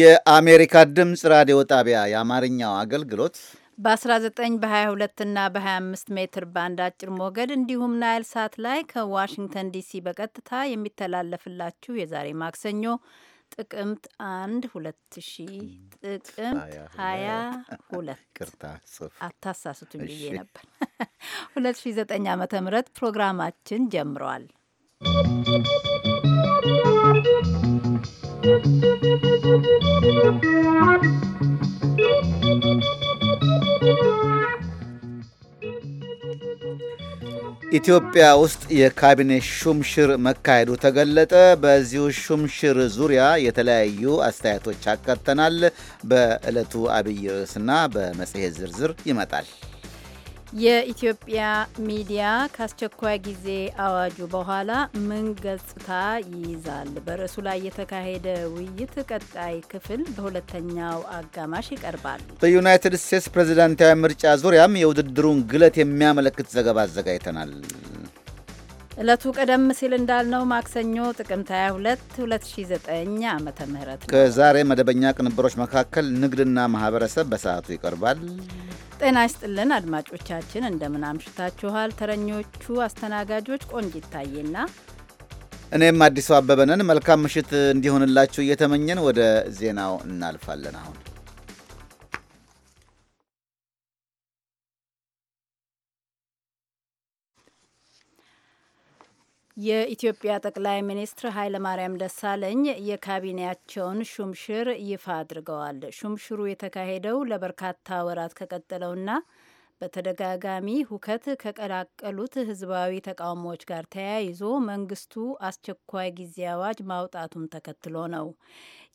የአሜሪካ ድምፅ ራዲዮ ጣቢያ የአማርኛው አገልግሎት በ19 በ22 እና በ25 ሜትር ባንድ አጭር ሞገድ እንዲሁም ናይል ሳት ላይ ከዋሽንግተን ዲሲ በቀጥታ የሚተላለፍላችሁ የዛሬ ማክሰኞ ጥቅምት 1 2000 ጥቅምት 22 አታሳስቱኝ ብዬ ነበር 2009 ዓ.ም ፕሮግራማችን ጀምረዋል። ኢትዮጵያ ውስጥ የካቢኔ ሹምሽር መካሄዱ ተገለጠ። በዚሁ ሹምሽር ዙሪያ የተለያዩ አስተያየቶች አካተናል። በዕለቱ አብይ ርዕስና በመጽሔት ዝርዝር ይመጣል። የኢትዮጵያ ሚዲያ ከአስቸኳይ ጊዜ አዋጁ በኋላ ምን ገጽታ ይይዛል? በርዕሱ ላይ የተካሄደ ውይይት ቀጣይ ክፍል በሁለተኛው አጋማሽ ይቀርባል። በዩናይትድ ስቴትስ ፕሬዝዳንታዊ ምርጫ ዙሪያም የውድድሩን ግለት የሚያመለክት ዘገባ አዘጋጅተናል። እለቱ ቀደም ሲል እንዳልነው ማክሰኞ ጥቅምት 22 2009 ዓ ም ከዛሬ መደበኛ ቅንብሮች መካከል ንግድና ማህበረሰብ በሰዓቱ ይቀርባል። ጤና ይስጥልን አድማጮቻችን፣ እንደምን አምሽታችኋል? ተረኞቹ አስተናጋጆች ቆንጅ ይታየና እኔም አዲሱ አበበ ነን። መልካም ምሽት እንዲሆንላችሁ እየተመኘን ወደ ዜናው እናልፋለን አሁን የኢትዮጵያ ጠቅላይ ሚኒስትር ኃይለማርያም ደሳለኝ የካቢኔያቸውን ሹምሽር ይፋ አድርገዋል። ሹምሽሩ የተካሄደው ለበርካታ ወራት ከቀጠለውና በተደጋጋሚ ሁከት ከቀላቀሉት ህዝባዊ ተቃውሞዎች ጋር ተያይዞ መንግስቱ አስቸኳይ ጊዜ አዋጅ ማውጣቱን ተከትሎ ነው።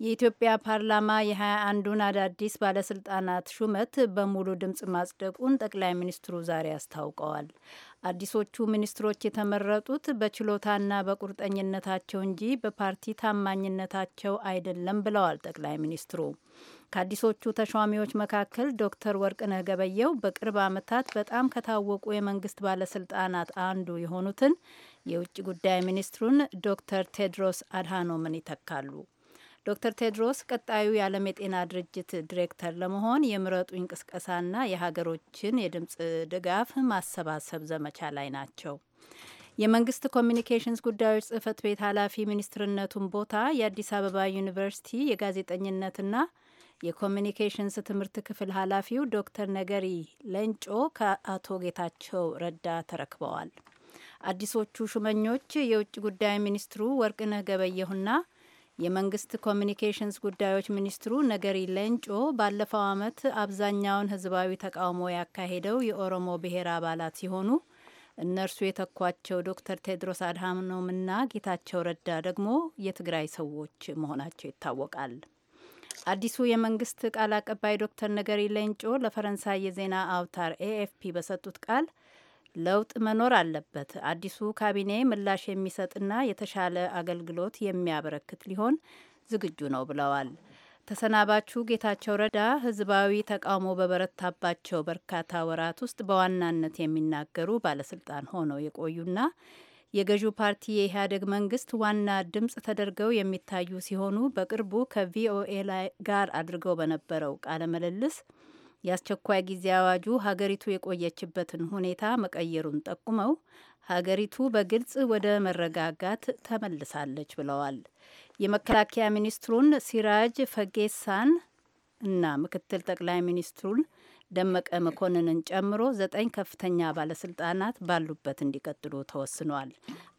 የኢትዮጵያ ፓርላማ የሃያ አንዱን አዳዲስ ባለስልጣናት ሹመት በሙሉ ድምፅ ማጽደቁን ጠቅላይ ሚኒስትሩ ዛሬ አስታውቀዋል። አዲሶቹ ሚኒስትሮች የተመረጡት በችሎታና በቁርጠኝነታቸው እንጂ በፓርቲ ታማኝነታቸው አይደለም ብለዋል ጠቅላይ ሚኒስትሩ። ከአዲሶቹ ተሿሚዎች መካከል ዶክተር ወርቅነህ ገበየው በቅርብ ዓመታት በጣም ከታወቁ የመንግስት ባለስልጣናት አንዱ የሆኑትን የውጭ ጉዳይ ሚኒስትሩን ዶክተር ቴድሮስ አድሃኖምን ይተካሉ። ዶክተር ቴድሮስ ቀጣዩ የዓለም የጤና ድርጅት ዲሬክተር ለመሆን የምረጡ እንቅስቀሳና የሀገሮችን የድምፅ ድጋፍ ማሰባሰብ ዘመቻ ላይ ናቸው። የመንግስት ኮሚኒኬሽንስ ጉዳዮች ጽህፈት ቤት ኃላፊ ሚኒስትርነቱን ቦታ የአዲስ አበባ ዩኒቨርሲቲ የጋዜጠኝነትና የኮሚኒኬሽንስ ትምህርት ክፍል ኃላፊው ዶክተር ነገሪ ለንጮ ከአቶ ጌታቸው ረዳ ተረክበዋል። አዲሶቹ ሹመኞች የውጭ ጉዳይ ሚኒስትሩ ወርቅነህ ገበየሁና የመንግስት ኮሚኒኬሽንስ ጉዳዮች ሚኒስትሩ ነገሪ ለንጮ ባለፈው ዓመት አብዛኛውን ህዝባዊ ተቃውሞ ያካሄደው የኦሮሞ ብሔር አባላት ሲሆኑ እነርሱ የተኳቸው ዶክተር ቴድሮስ አድሃኖምና ጌታቸው ረዳ ደግሞ የትግራይ ሰዎች መሆናቸው ይታወቃል። አዲሱ የመንግስት ቃል አቀባይ ዶክተር ነገሪ ሌንጮ ለፈረንሳይ የዜና አውታር ኤኤፍፒ በሰጡት ቃል ለውጥ መኖር አለበት፣ አዲሱ ካቢኔ ምላሽ የሚሰጥና የተሻለ አገልግሎት የሚያበረክት ሊሆን ዝግጁ ነው ብለዋል። ተሰናባቹ ጌታቸው ረዳ ህዝባዊ ተቃውሞ በበረታባቸው በርካታ ወራት ውስጥ በዋናነት የሚናገሩ ባለስልጣን ሆነው የቆዩና የገዢው ፓርቲ የኢህአዴግ መንግስት ዋና ድምፅ ተደርገው የሚታዩ ሲሆኑ በቅርቡ ከቪኦኤ ጋር አድርገው በነበረው ቃለ ምልልስ የአስቸኳይ ጊዜ አዋጁ ሀገሪቱ የቆየችበትን ሁኔታ መቀየሩን ጠቁመው ሀገሪቱ በግልጽ ወደ መረጋጋት ተመልሳለች ብለዋል። የመከላከያ ሚኒስትሩን ሲራጅ ፈጌሳን እና ምክትል ጠቅላይ ሚኒስትሩን ደመቀ መኮንንን ጨምሮ ዘጠኝ ከፍተኛ ባለስልጣናት ባሉበት እንዲቀጥሉ ተወስኗል።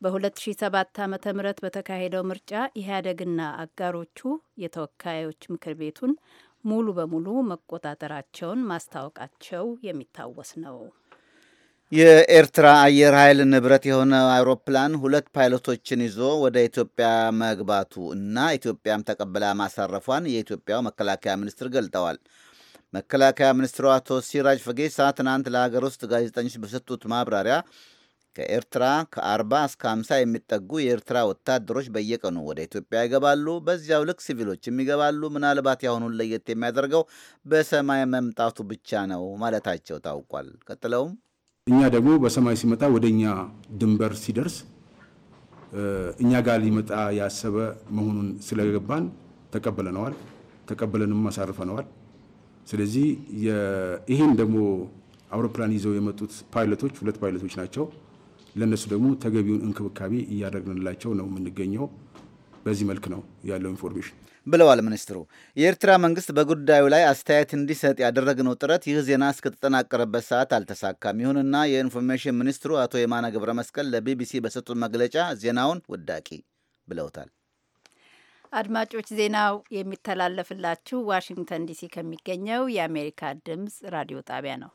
በ2007 ዓ ም በተካሄደው ምርጫ ኢህአዴግና አጋሮቹ የተወካዮች ምክር ቤቱን ሙሉ በሙሉ መቆጣጠራቸውን ማስታወቃቸው የሚታወስ ነው። የኤርትራ አየር ኃይል ንብረት የሆነ አውሮፕላን ሁለት ፓይለቶችን ይዞ ወደ ኢትዮጵያ መግባቱ እና ኢትዮጵያም ተቀብላ ማሳረፏን የኢትዮጵያው መከላከያ ሚኒስትር ገልጠዋል። መከላከያ ሚኒስትሩ አቶ ሲራጅ ፈጌሳ ትናንት ለሀገር ውስጥ ጋዜጠኞች በሰጡት ማብራሪያ ከኤርትራ ከ40 እስከ 50 የሚጠጉ የኤርትራ ወታደሮች በየቀኑ ወደ ኢትዮጵያ ይገባሉ። በዚያው ልክ ሲቪሎችም ይገባሉ። ምናልባት ያሁኑን ለየት የሚያደርገው በሰማይ መምጣቱ ብቻ ነው ማለታቸው ታውቋል። ቀጥለውም እኛ ደግሞ በሰማይ ሲመጣ ወደ እኛ ድንበር ሲደርስ እኛ ጋር ሊመጣ ያሰበ መሆኑን ስለገባን ተቀብለነዋል። ተቀብለንም አሳርፈነዋል። ስለዚህ ይህን ደግሞ አውሮፕላን ይዘው የመጡት ፓይለቶች ሁለት ፓይለቶች ናቸው። ለእነሱ ደግሞ ተገቢውን እንክብካቤ እያደረግንላቸው ነው የምንገኘው። በዚህ መልክ ነው ያለው ኢንፎርሜሽን ብለዋል ሚኒስትሩ። የኤርትራ መንግስት በጉዳዩ ላይ አስተያየት እንዲሰጥ ያደረግነው ጥረት ይህ ዜና እስከተጠናቀረበት ሰዓት አልተሳካም። ይሁንና የኢንፎርሜሽን ሚኒስትሩ አቶ የማነ ገብረ መስቀል ለቢቢሲ በሰጡት መግለጫ ዜናውን ውዳቂ ብለውታል። አድማጮች ዜናው የሚተላለፍላችሁ ዋሽንግተን ዲሲ ከሚገኘው የአሜሪካ ድምጽ ራዲዮ ጣቢያ ነው።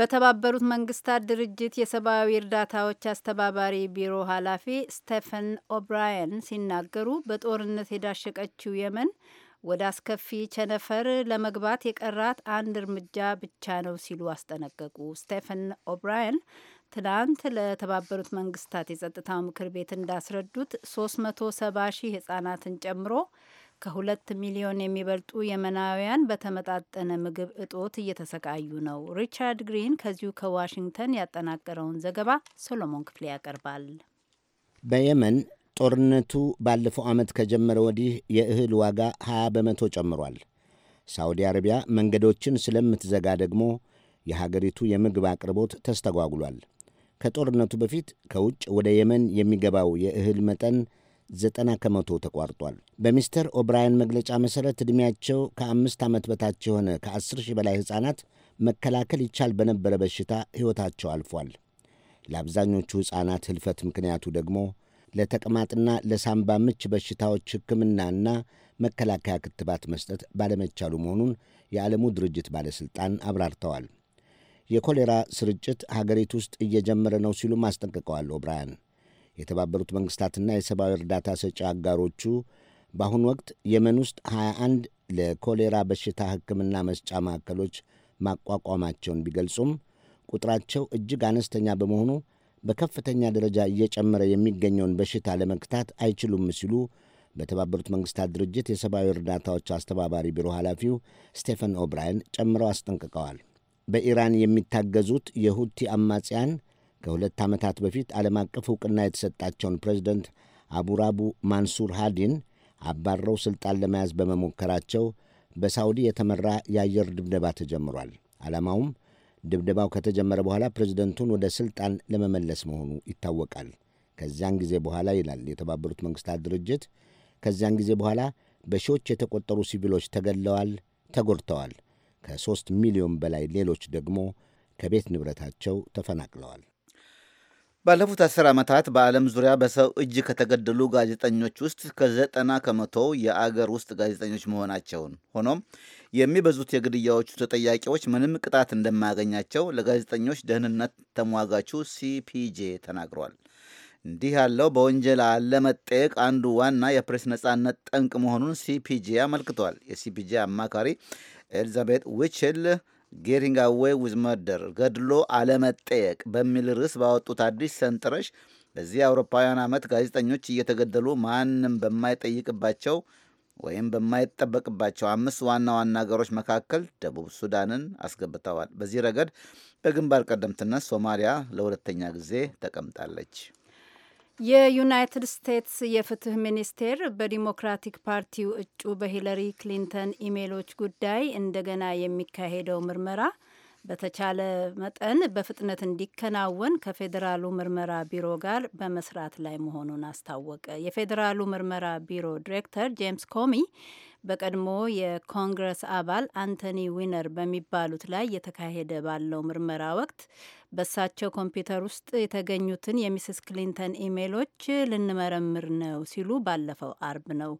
በተባበሩት መንግስታት ድርጅት የሰብአዊ እርዳታዎች አስተባባሪ ቢሮ ኃላፊ ስቴፈን ኦብራየን ሲናገሩ በጦርነት የዳሸቀችው የመን ወደ አስከፊ ቸነፈር ለመግባት የቀራት አንድ እርምጃ ብቻ ነው ሲሉ አስጠነቀቁ። ስቴፈን ኦብራየን ትላንት ለተባበሩት መንግስታት የጸጥታው ምክር ቤት እንዳስረዱት 370 ሺህ ህጻናትን ጨምሮ ከሁለት ሚሊዮን የሚበልጡ የመናውያን በተመጣጠነ ምግብ እጦት እየተሰቃዩ ነው። ሪቻርድ ግሪን ከዚሁ ከዋሽንግተን ያጠናቀረውን ዘገባ ሶሎሞን ክፍሌ ያቀርባል። በየመን ጦርነቱ ባለፈው ዓመት ከጀመረ ወዲህ የእህል ዋጋ 20 በመቶ ጨምሯል። ሳውዲ አረቢያ መንገዶችን ስለምትዘጋ ደግሞ የሀገሪቱ የምግብ አቅርቦት ተስተጓጉሏል። ከጦርነቱ በፊት ከውጭ ወደ የመን የሚገባው የእህል መጠን ዘጠና ከመቶ ተቋርጧል። በሚስተር ኦብራያን መግለጫ መሠረት ዕድሜያቸው ከአምስት ዓመት በታች የሆነ ከአስር ሺህ በላይ ሕፃናት መከላከል ይቻል በነበረ በሽታ ሕይወታቸው አልፏል። ለአብዛኞቹ ሕፃናት ሕልፈት ምክንያቱ ደግሞ ለተቅማጥና ለሳምባ ምች በሽታዎች ሕክምናና መከላከያ ክትባት መስጠት ባለመቻሉ መሆኑን የዓለሙ ድርጅት ባለሥልጣን አብራርተዋል። የኮሌራ ስርጭት ሀገሪቱ ውስጥ እየጀመረ ነው ሲሉም አስጠንቅቀዋል። ኦብራያን የተባበሩት መንግስታትና የሰብአዊ እርዳታ ሰጪ አጋሮቹ በአሁኑ ወቅት የመን ውስጥ 21 ለኮሌራ በሽታ ሕክምና መስጫ ማዕከሎች ማቋቋማቸውን ቢገልጹም ቁጥራቸው እጅግ አነስተኛ በመሆኑ በከፍተኛ ደረጃ እየጨመረ የሚገኘውን በሽታ ለመግታት አይችሉም ሲሉ በተባበሩት መንግስታት ድርጅት የሰብአዊ እርዳታዎች አስተባባሪ ቢሮ ኃላፊው ስቴፈን ኦብራይን ጨምረው አስጠንቅቀዋል። በኢራን የሚታገዙት የሁቲ አማጽያን ከሁለት ዓመታት በፊት ዓለም አቀፍ ዕውቅና የተሰጣቸውን ፕሬዚደንት አቡራቡ ማንሱር ሃዲን አባረው ሥልጣን ለመያዝ በመሞከራቸው በሳውዲ የተመራ የአየር ድብደባ ተጀምሯል። ዓላማውም ድብደባው ከተጀመረ በኋላ ፕሬዚደንቱን ወደ ሥልጣን ለመመለስ መሆኑ ይታወቃል። ከዚያን ጊዜ በኋላ ይላል የተባበሩት መንግሥታት ድርጅት፣ ከዚያን ጊዜ በኋላ በሺዎች የተቆጠሩ ሲቪሎች ተገድለዋል፣ ተጎድተዋል። ከሦስት ሚሊዮን በላይ ሌሎች ደግሞ ከቤት ንብረታቸው ተፈናቅለዋል። ባለፉት አስር ዓመታት በዓለም ዙሪያ በሰው እጅ ከተገደሉ ጋዜጠኞች ውስጥ ከዘጠና ከመቶ የአገር ውስጥ ጋዜጠኞች መሆናቸውን፣ ሆኖም የሚበዙት የግድያዎቹ ተጠያቂዎች ምንም ቅጣት እንደማያገኛቸው ለጋዜጠኞች ደህንነት ተሟጋቹ ሲፒጄ ተናግሯል። እንዲህ ያለው በወንጀል አለመጠየቅ አንዱ ዋና የፕሬስ ነጻነት ጠንቅ መሆኑን ሲፒጄ አመልክቷል። የሲፒጄ አማካሪ ኤልዛቤት ዊችል ጌቲንግ አዌይ ዊዝ መርደር ገድሎ አለመጠየቅ በሚል ርዕስ ባወጡት አዲስ ሰንጥረሽ በዚህ አውሮፓውያን ዓመት ጋዜጠኞች እየተገደሉ ማንም በማይጠይቅባቸው ወይም በማይጠበቅባቸው አምስት ዋና ዋና ሀገሮች መካከል ደቡብ ሱዳንን አስገብተዋል። በዚህ ረገድ በግንባር ቀደምትነት ሶማሊያ ለሁለተኛ ጊዜ ተቀምጣለች። የዩናይትድ ስቴትስ የፍትህ ሚኒስቴር በዲሞክራቲክ ፓርቲው እጩ በሂለሪ ክሊንተን ኢሜሎች ጉዳይ እንደገና የሚካሄደው ምርመራ በተቻለ መጠን በፍጥነት እንዲከናወን ከፌዴራሉ ምርመራ ቢሮ ጋር በመስራት ላይ መሆኑን አስታወቀ። የፌዴራሉ ምርመራ ቢሮ ዲሬክተር ጄምስ ኮሚ በቀድሞ የኮንግረስ አባል አንቶኒ ዊነር በሚባሉት ላይ የተካሄደ ባለው ምርመራ ወቅት በሳቸው ኮምፒውተር ውስጥ የተገኙትን የሚስስ ክሊንተን ኢሜሎች ልንመረምር ነው ሲሉ ባለፈው አርብ ነው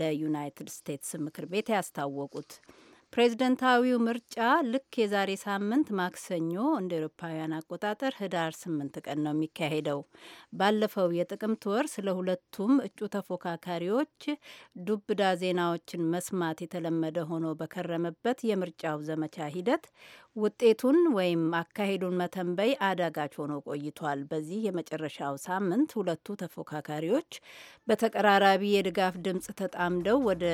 ለዩናይትድ ስቴትስ ምክር ቤት ያስታወቁት። ፕሬዝደንታዊው ምርጫ ልክ የዛሬ ሳምንት ማክሰኞ እንደ ኤሮፓውያን አቆጣጠር ህዳር ስምንት ቀን ነው የሚካሄደው። ባለፈው የጥቅምት ወር ስለ ሁለቱም እጩ ተፎካካሪዎች ዱብዳ ዜናዎችን መስማት የተለመደ ሆኖ በከረመበት የምርጫው ዘመቻ ሂደት ውጤቱን ወይም አካሄዱን መተንበይ አዳጋች ሆኖ ቆይቷል። በዚህ የመጨረሻው ሳምንት ሁለቱ ተፎካካሪዎች በተቀራራቢ የድጋፍ ድምፅ ተጣምደው ወደ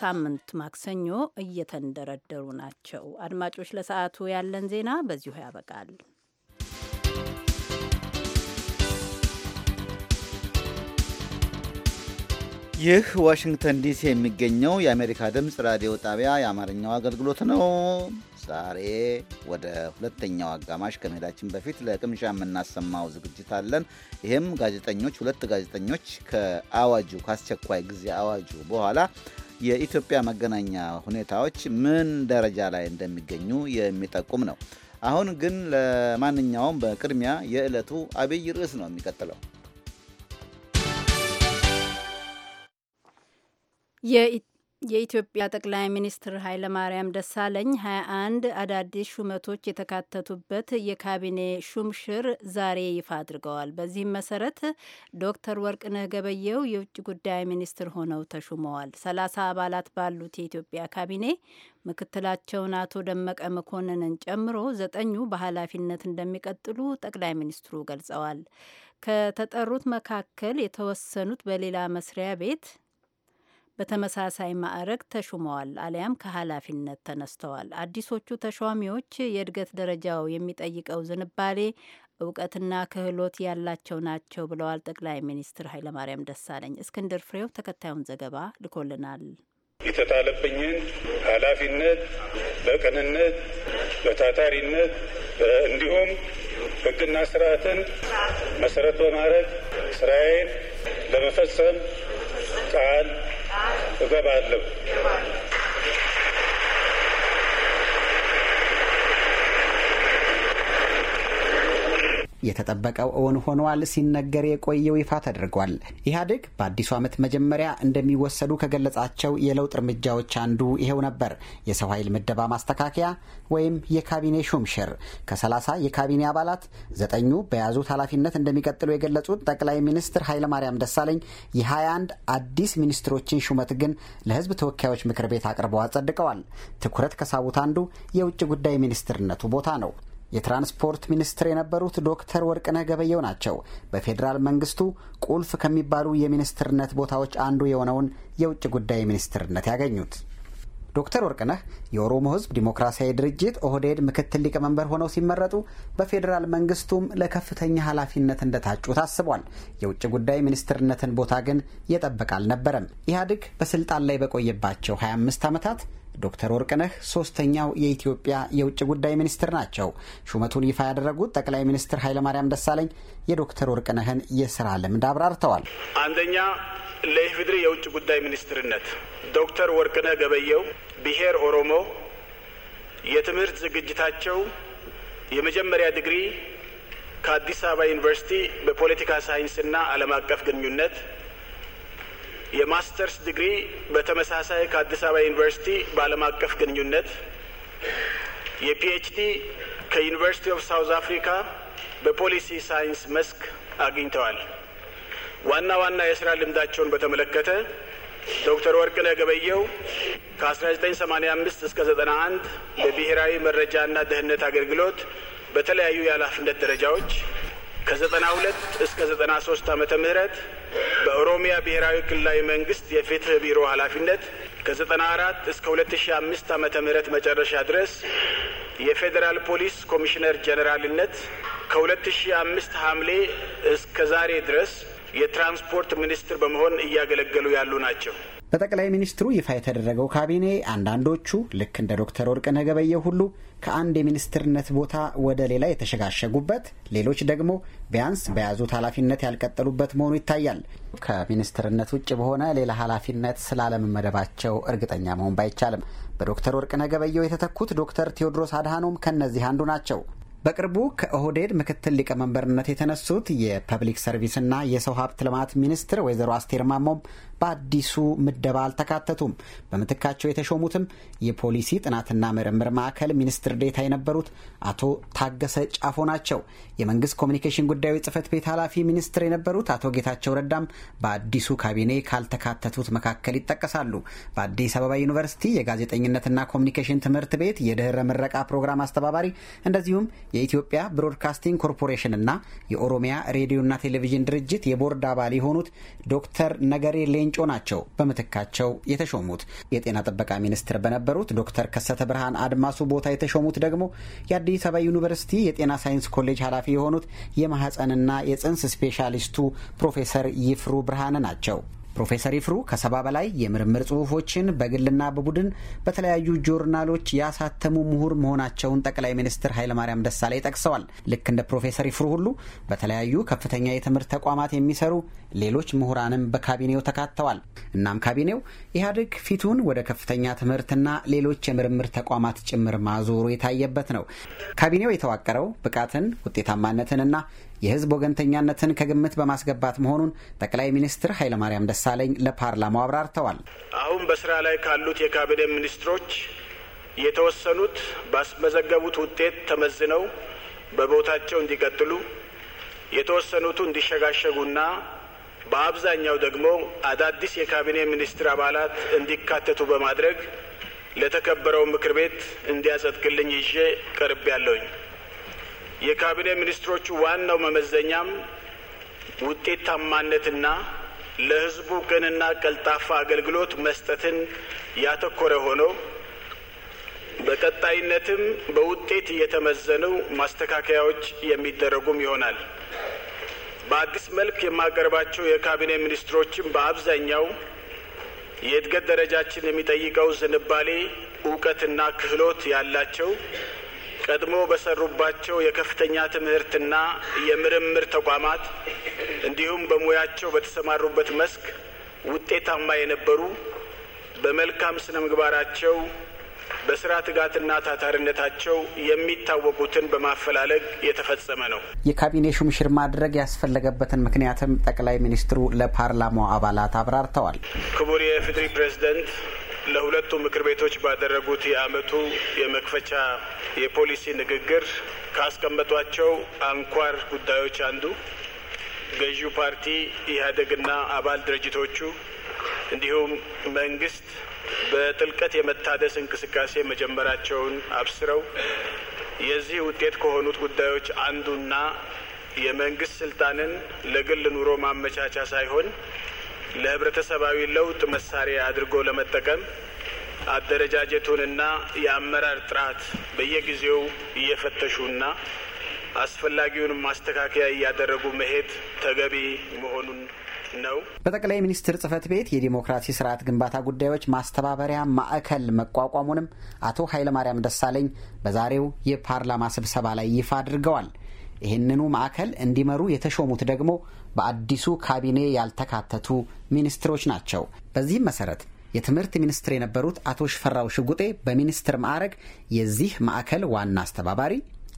ሳምንት ማክሰኞ እየተንደረደሩ ናቸው። አድማጮች፣ ለሰዓቱ ያለን ዜና በዚሁ ያበቃል። ይህ ዋሽንግተን ዲሲ የሚገኘው የአሜሪካ ድምፅ ራዲዮ ጣቢያ የአማርኛው አገልግሎት ነው። ዛሬ ወደ ሁለተኛው አጋማሽ ከመሄዳችን በፊት ለቅምሻ የምናሰማው ዝግጅት አለን። ይህም ጋዜጠኞች ሁለት ጋዜጠኞች ከአዋጁ ከአስቸኳይ ጊዜ አዋጁ በኋላ የኢትዮጵያ መገናኛ ሁኔታዎች ምን ደረጃ ላይ እንደሚገኙ የሚጠቁም ነው። አሁን ግን ለማንኛውም በቅድሚያ የዕለቱ አብይ ርዕስ ነው የሚቀጥለው። የኢትዮጵያ ጠቅላይ ሚኒስትር ኃይለማርያም ደሳለኝ 21 አዳዲስ ሹመቶች የተካተቱበት የካቢኔ ሹምሽር ዛሬ ይፋ አድርገዋል። በዚህም መሰረት ዶክተር ወርቅነህ ገበየው የውጭ ጉዳይ ሚኒስትር ሆነው ተሹመዋል። ሰላሳ አባላት ባሉት የኢትዮጵያ ካቢኔ ምክትላቸውን አቶ ደመቀ መኮንንን ጨምሮ ዘጠኙ በኃላፊነት እንደሚቀጥሉ ጠቅላይ ሚኒስትሩ ገልጸዋል። ከተጠሩት መካከል የተወሰኑት በሌላ መስሪያ ቤት በተመሳሳይ ማዕረግ ተሹመዋል አሊያም ከኃላፊነት ተነስተዋል። አዲሶቹ ተሿሚዎች የእድገት ደረጃው የሚጠይቀው ዝንባሌ እውቀትና ክህሎት ያላቸው ናቸው ብለዋል ጠቅላይ ሚኒስትር ኃይለማርያም ደሳለኝ። እስክንድር ፍሬው ተከታዩን ዘገባ ልኮልናል። የተጣለብኝን ኃላፊነት በቅንነት፣ በታታሪነት እንዲሁም ሕግና ስርዓትን መሰረት በማድረግ ስራዬን ለመፈጸም ቃል وباب عن له የተጠበቀው እውን ሆኗል ሲነገር የቆየው ይፋ ተደርጓል። ኢህአዴግ በአዲሱ ዓመት መጀመሪያ እንደሚወሰዱ ከገለጻቸው የለውጥ እርምጃዎች አንዱ ይሄው ነበር። የሰው ኃይል ምደባ ማስተካከያ ወይም የካቢኔ ሹምሽር ከሰላሳ የካቢኔ አባላት ዘጠኙ በያዙት ኃላፊነት እንደሚቀጥሉ የገለጹት ጠቅላይ ሚኒስትር ኃይለማርያም ደሳለኝ የ21 አዲስ ሚኒስትሮችን ሹመት ግን ለህዝብ ተወካዮች ምክር ቤት አቅርበው አጸድቀዋል። ትኩረት ከሳቡት አንዱ የውጭ ጉዳይ ሚኒስትርነቱ ቦታ ነው። የትራንስፖርት ሚኒስትር የነበሩት ዶክተር ወርቅነህ ገበየው ናቸው። በፌዴራል መንግስቱ ቁልፍ ከሚባሉ የሚኒስትርነት ቦታዎች አንዱ የሆነውን የውጭ ጉዳይ ሚኒስትርነት ያገኙት ዶክተር ወርቅነህ የኦሮሞ ህዝብ ዲሞክራሲያዊ ድርጅት ኦህዴድ ምክትል ሊቀመንበር ሆነው ሲመረጡ በፌዴራል መንግስቱም ለከፍተኛ ኃላፊነት እንደታጩ ታስቧል። የውጭ ጉዳይ ሚኒስትርነትን ቦታ ግን የጠበቅ አልነበረም። ኢህአዴግ በስልጣን ላይ በቆየባቸው 25 ዓመታት ዶክተር ወርቅነህ ሶስተኛው የኢትዮጵያ የውጭ ጉዳይ ሚኒስትር ናቸው። ሹመቱን ይፋ ያደረጉት ጠቅላይ ሚኒስትር ኃይለማርያም ደሳለኝ የዶክተር ወርቅነህን የስራ ልምድ አብራርተዋል። አንደኛ ለኢፌዴሪ የውጭ ጉዳይ ሚኒስትርነት ዶክተር ወርቅነህ ገበየው ብሔር ኦሮሞ፣ የትምህርት ዝግጅታቸው የመጀመሪያ ዲግሪ ከአዲስ አበባ ዩኒቨርሲቲ በፖለቲካ ሳይንስና ዓለም አቀፍ ግንኙነት የማስተርስ ዲግሪ በተመሳሳይ ከአዲስ አበባ ዩኒቨርሲቲ በዓለም አቀፍ ግንኙነት፣ የፒኤችዲ ከዩኒቨርሲቲ ኦፍ ሳውዝ አፍሪካ በፖሊሲ ሳይንስ መስክ አግኝተዋል። ዋና ዋና የስራ ልምዳቸውን በተመለከተ ዶክተር ወርቅነህ ገበየው ከ1985 እስከ 91 በብሔራዊ መረጃና ደህንነት አገልግሎት በተለያዩ የኃላፊነት ደረጃዎች ከ92 እስከ 93 ዓመተ ምህረት በኦሮሚያ ብሔራዊ ክልላዊ መንግስት የፍትህ ቢሮ ኃላፊነት ከ94 እስከ 205 ዓመተ ምህረት መጨረሻ ድረስ የፌዴራል ፖሊስ ኮሚሽነር ጀኔራልነት ከ 205 ሐምሌ እስከ ዛሬ ድረስ የትራንስፖርት ሚኒስትር በመሆን እያገለገሉ ያሉ ናቸው። በጠቅላይ ሚኒስትሩ ይፋ የተደረገው ካቢኔ አንዳንዶቹ ልክ እንደ ዶክተር ወርቅነህ ገበየሁ ሁሉ ከአንድ የሚኒስትርነት ቦታ ወደ ሌላ የተሸጋሸጉበት፣ ሌሎች ደግሞ ቢያንስ በያዙት ኃላፊነት ያልቀጠሉበት መሆኑ ይታያል። ከሚኒስትርነት ውጭ በሆነ ሌላ ኃላፊነት ስላለመመደባቸው እርግጠኛ መሆን ባይቻልም በዶክተር ወርቅነህ ገበየሁ የተተኩት ዶክተር ቴዎድሮስ አድሃኖም ከእነዚህ አንዱ ናቸው። በቅርቡ ከኦህዴድ ምክትል ሊቀመንበርነት የተነሱት የፐብሊክ ሰርቪስና የሰው ሀብት ልማት ሚኒስትር ወይዘሮ አስቴር ማሞም በአዲሱ ምደባ አልተካተቱም። በምትካቸው የተሾሙትም የፖሊሲ ጥናትና ምርምር ማዕከል ሚኒስትር ዴታ የነበሩት አቶ ታገሰ ጫፎ ናቸው። የመንግስት ኮሚኒኬሽን ጉዳዮች ጽህፈት ቤት ኃላፊ ሚኒስትር የነበሩት አቶ ጌታቸው ረዳም በአዲሱ ካቢኔ ካልተካተቱት መካከል ይጠቀሳሉ። በአዲስ አበባ ዩኒቨርሲቲ የጋዜጠኝነትና ኮሚኒኬሽን ትምህርት ቤት የድህረ ምረቃ ፕሮግራም አስተባባሪ እንደዚሁም የኢትዮጵያ ብሮድካስቲንግ ኮርፖሬሽንና የኦሮሚያ ሬዲዮና ቴሌቪዥን ድርጅት የቦርድ አባል የሆኑት ዶክተር ነገሬ ሌንጮ ናቸው በምትካቸው የተሾሙት። የጤና ጥበቃ ሚኒስትር በነበሩት ዶክተር ከሰተ ብርሃን አድማሱ ቦታ የተሾሙት ደግሞ የአዲስ አበባ ዩኒቨርሲቲ የጤና ሳይንስ ኮሌጅ ኃላፊ የሆኑት የማህፀንና የጽንስ ስፔሻሊስቱ ፕሮፌሰር ይፍሩ ብርሃን ናቸው። ፕሮፌሰር ይፍሩ ከሰባ በላይ የምርምር ጽሁፎችን በግልና በቡድን በተለያዩ ጆርናሎች ያሳተሙ ምሁር መሆናቸውን ጠቅላይ ሚኒስትር ኃይለማርያም ደሳለኝ ጠቅሰዋል። ልክ እንደ ፕሮፌሰር ይፍሩ ሁሉ በተለያዩ ከፍተኛ የትምህርት ተቋማት የሚሰሩ ሌሎች ምሁራንም በካቢኔው ተካተዋል። እናም ካቢኔው ኢህአዴግ ፊቱን ወደ ከፍተኛ ትምህርትና ሌሎች የምርምር ተቋማት ጭምር ማዞሩ የታየበት ነው። ካቢኔው የተዋቀረው ብቃትን ውጤታማነትንና የህዝብ ወገንተኛነትን ከግምት በማስገባት መሆኑን ጠቅላይ ሚኒስትር ኃይለማርያም ደሳለኝ ለፓርላማው አብራርተዋል። አሁን በስራ ላይ ካሉት የካቢኔ ሚኒስትሮች የተወሰኑት ባስመዘገቡት ውጤት ተመዝነው በቦታቸው እንዲቀጥሉ፣ የተወሰኑቱ እንዲሸጋሸጉና በአብዛኛው ደግሞ አዳዲስ የካቢኔ ሚኒስትር አባላት እንዲካተቱ በማድረግ ለተከበረው ምክር ቤት እንዲያጸድቅልኝ ይዤ ቀርብ ያለውኝ የካቢኔ ሚኒስትሮቹ ዋናው መመዘኛም ውጤታማነትና ለህዝቡ ቅንና ቀልጣፋ አገልግሎት መስጠትን ያተኮረ ሆኖ በቀጣይነትም በውጤት እየተመዘኑ ማስተካከያዎች የሚደረጉም ይሆናል። በአዲስ መልክ የማቀርባቸው የካቢኔ ሚኒስትሮችም በአብዛኛው የእድገት ደረጃችን የሚጠይቀው ዝንባሌ፣ እውቀትና ክህሎት ያላቸው ቀድሞ በሰሩባቸው የከፍተኛ ትምህርትና የምርምር ተቋማት እንዲሁም በሙያቸው በተሰማሩበት መስክ ውጤታማ የነበሩ በመልካም ስነ ምግባራቸው በስራ ትጋትና ታታሪነታቸው የሚታወቁትን በማፈላለግ የተፈጸመ ነው። የካቢኔ ሹምሽር ማድረግ ያስፈለገበትን ምክንያትም ጠቅላይ ሚኒስትሩ ለፓርላማው አባላት አብራርተዋል። ክቡር የፍትሪ ፕሬዝደንት ለሁለቱ ምክር ቤቶች ባደረጉት የአመቱ የመክፈቻ የፖሊሲ ንግግር ካስቀመጧቸው አንኳር ጉዳዮች አንዱ ገዢው ፓርቲ ኢህአዴግና አባል ድርጅቶቹ እንዲሁም መንግስት በጥልቀት የመታደስ እንቅስቃሴ መጀመራቸውን አብስረው የዚህ ውጤት ከሆኑት ጉዳዮች አንዱና የመንግስት ስልጣንን ለግል ኑሮ ማመቻቻ ሳይሆን ለህብረተሰባዊ ለውጥ መሳሪያ አድርጎ ለመጠቀም አደረጃጀቱንና የአመራር ጥራት በየጊዜው እየፈተሹና አስፈላጊውን ማስተካከያ እያደረጉ መሄድ ተገቢ መሆኑን ነው። በጠቅላይ ሚኒስትር ጽህፈት ቤት የዲሞክራሲ ስርዓት ግንባታ ጉዳዮች ማስተባበሪያ ማዕከል መቋቋሙንም አቶ ኃይለማርያም ደሳለኝ በዛሬው የፓርላማ ስብሰባ ላይ ይፋ አድርገዋል። ይህንኑ ማዕከል እንዲመሩ የተሾሙት ደግሞ በአዲሱ ካቢኔ ያልተካተቱ ሚኒስትሮች ናቸው። በዚህም መሰረት የትምህርት ሚኒስትር የነበሩት አቶ ሽፈራው ሽጉጤ በሚኒስትር ማዕረግ የዚህ ማዕከል ዋና አስተባባሪ፣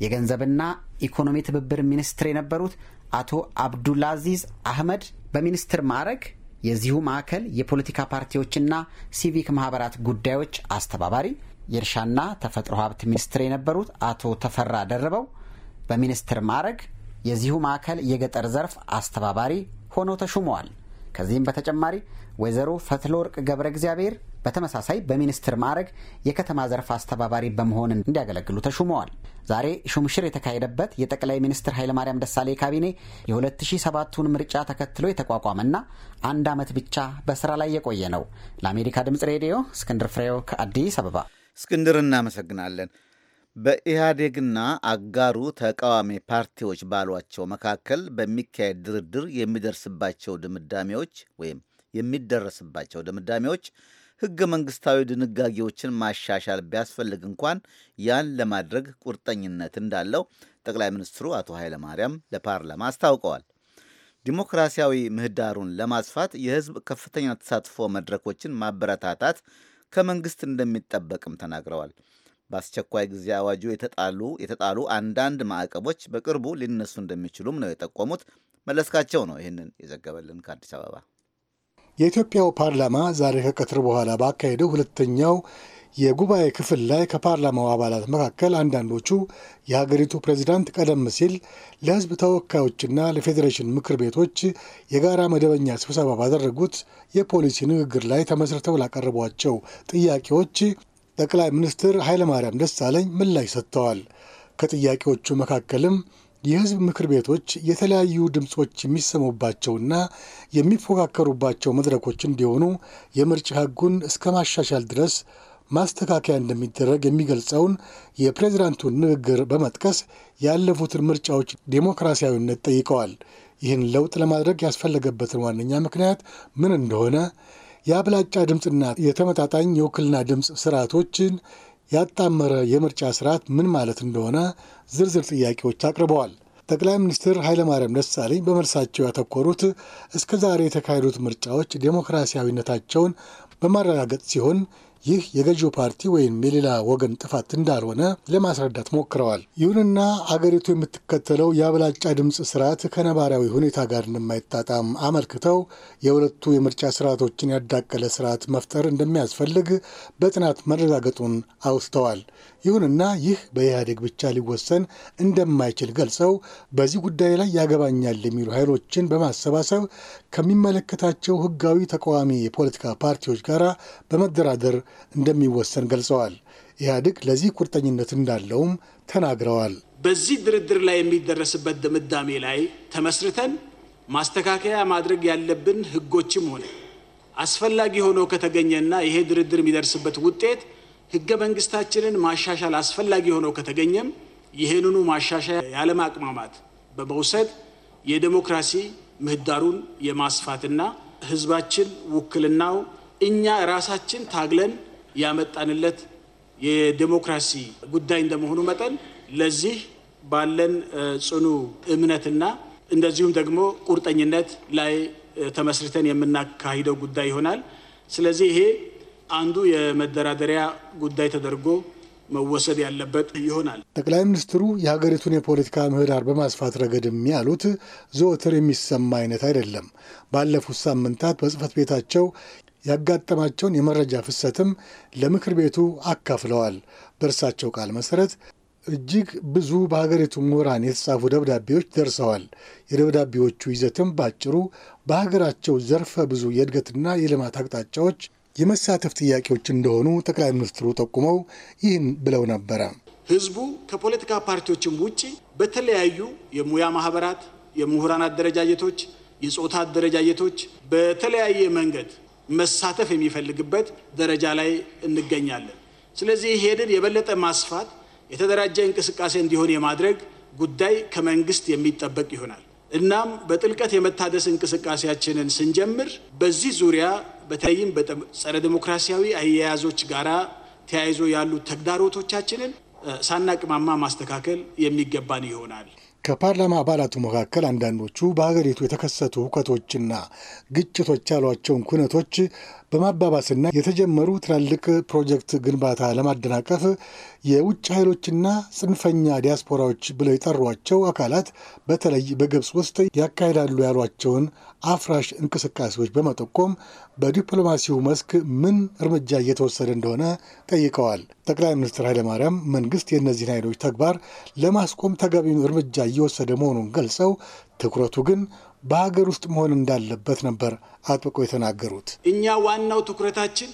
የገንዘብና ኢኮኖሚ ትብብር ሚኒስትር የነበሩት አቶ አብዱላዚዝ አህመድ በሚኒስትር ማዕረግ የዚሁ ማዕከል የፖለቲካ ፓርቲዎችና ሲቪክ ማህበራት ጉዳዮች አስተባባሪ የእርሻና ተፈጥሮ ሀብት ሚኒስትር የነበሩት አቶ ተፈራ ደርበው በሚኒስትር ማዕረግ የዚሁ ማዕከል የገጠር ዘርፍ አስተባባሪ ሆነው ተሹመዋል። ከዚህም በተጨማሪ ወይዘሮ ፈትለወርቅ ገብረ እግዚአብሔር በተመሳሳይ በሚኒስትር ማዕረግ የከተማ ዘርፍ አስተባባሪ በመሆን እንዲያገለግሉ ተሹመዋል። ዛሬ ሹምሽር የተካሄደበት የጠቅላይ ሚኒስትር ኃይለማርያም ደሳሌ ካቢኔ የ2007ቱን ምርጫ ተከትሎ የተቋቋመና አንድ ዓመት ብቻ በስራ ላይ የቆየ ነው። ለአሜሪካ ድምፅ ሬዲዮ እስክንድር ፍሬው ከአዲስ አበባ። እስክንድር እናመሰግናለን። በኢህአዴግና አጋሩ ተቃዋሚ ፓርቲዎች ባሏቸው መካከል በሚካሄድ ድርድር የሚደርስባቸው ድምዳሜዎች ወይም የሚደረስባቸው ድምዳሜዎች ህገ መንግስታዊ ድንጋጌዎችን ማሻሻል ቢያስፈልግ እንኳን ያን ለማድረግ ቁርጠኝነት እንዳለው ጠቅላይ ሚኒስትሩ አቶ ኃይለማርያም ለፓርላማ አስታውቀዋል። ዲሞክራሲያዊ ምህዳሩን ለማስፋት የህዝብ ከፍተኛ ተሳትፎ መድረኮችን ማበረታታት ከመንግስት እንደሚጠበቅም ተናግረዋል። በአስቸኳይ ጊዜ አዋጁ የተጣሉ የተጣሉ አንዳንድ ማዕቀቦች በቅርቡ ሊነሱ እንደሚችሉም ነው የጠቆሙት። መለስካቸው ነው ይህንን የዘገበልን ከአዲስ አበባ። የኢትዮጵያው ፓርላማ ዛሬ ከቀትር በኋላ ባካሄደው ሁለተኛው የጉባኤ ክፍል ላይ ከፓርላማው አባላት መካከል አንዳንዶቹ የሀገሪቱ ፕሬዚዳንት ቀደም ሲል ለሕዝብ ተወካዮችና ለፌዴሬሽን ምክር ቤቶች የጋራ መደበኛ ስብሰባ ባደረጉት የፖሊሲ ንግግር ላይ ተመስርተው ላቀረቧቸው ጥያቄዎች ጠቅላይ ሚኒስትር ኃይለማርያም ደሳለኝ ምላሽ ሰጥተዋል። ከጥያቄዎቹ መካከልም የህዝብ ምክር ቤቶች የተለያዩ ድምፆች የሚሰሙባቸውና የሚፎካከሩባቸው መድረኮች እንዲሆኑ የምርጫ ህጉን እስከ ማሻሻል ድረስ ማስተካከያ እንደሚደረግ የሚገልጸውን የፕሬዝዳንቱን ንግግር በመጥቀስ ያለፉትን ምርጫዎች ዴሞክራሲያዊነት ጠይቀዋል። ይህን ለውጥ ለማድረግ ያስፈለገበትን ዋነኛ ምክንያት ምን እንደሆነ የአብላጫ ድምፅና የተመጣጣኝ የውክልና ድምፅ ስርዓቶችን ያጣመረ የምርጫ ስርዓት ምን ማለት እንደሆነ ዝርዝር ጥያቄዎች አቅርበዋል። ጠቅላይ ሚኒስትር ኃይለማርያም ደሳለኝ በመልሳቸው ያተኮሩት እስከ ዛሬ የተካሄዱት ምርጫዎች ዴሞክራሲያዊነታቸውን በማረጋገጥ ሲሆን ይህ የገዢው ፓርቲ ወይም የሌላ ወገን ጥፋት እንዳልሆነ ለማስረዳት ሞክረዋል። ይሁንና አገሪቱ የምትከተለው የአብላጫ ድምፅ ስርዓት ከነባራዊ ሁኔታ ጋር እንደማይጣጣም አመልክተው የሁለቱ የምርጫ ስርዓቶችን ያዳቀለ ስርዓት መፍጠር እንደሚያስፈልግ በጥናት መረጋገጡን አውስተዋል። ይሁንና ይህ በኢህአዴግ ብቻ ሊወሰን እንደማይችል ገልጸው በዚህ ጉዳይ ላይ ያገባኛል የሚሉ ኃይሎችን በማሰባሰብ ከሚመለከታቸው ህጋዊ ተቃዋሚ የፖለቲካ ፓርቲዎች ጋር በመደራደር እንደሚወሰን ገልጸዋል። ኢህአዴግ ለዚህ ቁርጠኝነት እንዳለውም ተናግረዋል። በዚህ ድርድር ላይ የሚደረስበት ድምዳሜ ላይ ተመስርተን ማስተካከያ ማድረግ ያለብን ህጎችም ሆነ አስፈላጊ ሆኖ ከተገኘና ይሄ ድርድር የሚደርስበት ውጤት ህገ መንግስታችንን ማሻሻል አስፈላጊ ሆኖ ከተገኘም ይህንኑ ማሻሻያ ያለማቅማማት በመውሰድ የዴሞክራሲ ምህዳሩን የማስፋትና ህዝባችን ውክልናው እኛ ራሳችን ታግለን ያመጣንለት የዴሞክራሲ ጉዳይ እንደመሆኑ መጠን ለዚህ ባለን ጽኑ እምነትና እንደዚሁም ደግሞ ቁርጠኝነት ላይ ተመስርተን የምናካሂደው ጉዳይ ይሆናል። ስለዚህ ይሄ አንዱ የመደራደሪያ ጉዳይ ተደርጎ መወሰድ ያለበት ይሆናል። ጠቅላይ ሚኒስትሩ የሀገሪቱን የፖለቲካ ምህዳር በማስፋት ረገድም ያሉት ዘወትር የሚሰማ አይነት አይደለም። ባለፉት ሳምንታት በጽህፈት ቤታቸው ያጋጠማቸውን የመረጃ ፍሰትም ለምክር ቤቱ አካፍለዋል። በእርሳቸው ቃል መሰረት እጅግ ብዙ በሀገሪቱ ምሁራን የተጻፉ ደብዳቤዎች ደርሰዋል። የደብዳቤዎቹ ይዘትም ባጭሩ በሀገራቸው ዘርፈ ብዙ የእድገትና የልማት አቅጣጫዎች የመሳተፍ ጥያቄዎች እንደሆኑ ጠቅላይ ሚኒስትሩ ጠቁመው ይህን ብለው ነበረ። ህዝቡ ከፖለቲካ ፓርቲዎችም ውጭ በተለያዩ የሙያ ማህበራት፣ የምሁራን አደረጃጀቶች፣ የጾታ አደረጃጀቶች በተለያየ መንገድ መሳተፍ የሚፈልግበት ደረጃ ላይ እንገኛለን። ስለዚህ ይሄንን የበለጠ ማስፋት የተደራጀ እንቅስቃሴ እንዲሆን የማድረግ ጉዳይ ከመንግስት የሚጠበቅ ይሆናል። እናም በጥልቀት የመታደስ እንቅስቃሴያችንን ስንጀምር በዚህ ዙሪያ በተለይም ጸረ ዲሞክራሲያዊ አያያዞች ጋራ ተያይዞ ያሉ ተግዳሮቶቻችንን ሳናቅማማ ማስተካከል የሚገባን ይሆናል። ከፓርላማ አባላቱ መካከል አንዳንዶቹ በሀገሪቱ የተከሰቱ ሁከቶችና ግጭቶች ያሏቸውን ኩነቶች በማባባስና የተጀመሩ ትላልቅ ፕሮጀክት ግንባታ ለማደናቀፍ የውጭ ኃይሎችና ጽንፈኛ ዲያስፖራዎች ብለው የጠሯቸው አካላት በተለይ በግብፅ ውስጥ ያካሂዳሉ ያሏቸውን አፍራሽ እንቅስቃሴዎች በመጠቆም በዲፕሎማሲው መስክ ምን እርምጃ እየተወሰደ እንደሆነ ጠይቀዋል። ጠቅላይ ሚኒስትር ኃይለማርያም መንግስት የእነዚህን ኃይሎች ተግባር ለማስቆም ተገቢውን እርምጃ እየወሰደ መሆኑን ገልጸው ትኩረቱ ግን በሀገር ውስጥ መሆን እንዳለበት ነበር አጥብቆ የተናገሩት። እኛ ዋናው ትኩረታችን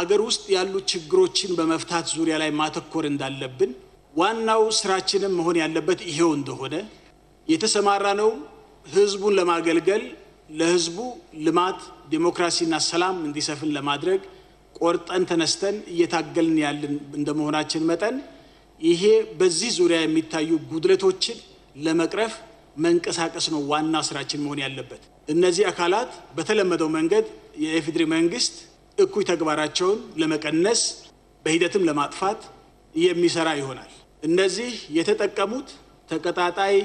አገር ውስጥ ያሉ ችግሮችን በመፍታት ዙሪያ ላይ ማተኮር እንዳለብን ዋናው ስራችንም መሆን ያለበት ይሄው እንደሆነ የተሰማራ ነው ህዝቡን ለማገልገል ለህዝቡ ልማት ዴሞክራሲና ሰላም እንዲሰፍን ለማድረግ ቆርጠን ተነስተን እየታገልን ያለን እንደመሆናችን መጠን ይሄ በዚህ ዙሪያ የሚታዩ ጉድለቶችን ለመቅረፍ መንቀሳቀስ ነው ዋና ስራችን መሆን ያለበት። እነዚህ አካላት በተለመደው መንገድ የኢፌዴሪ መንግስት እኩይ ተግባራቸውን ለመቀነስ በሂደትም ለማጥፋት የሚሰራ ይሆናል። እነዚህ የተጠቀሙት ተቀጣጣይ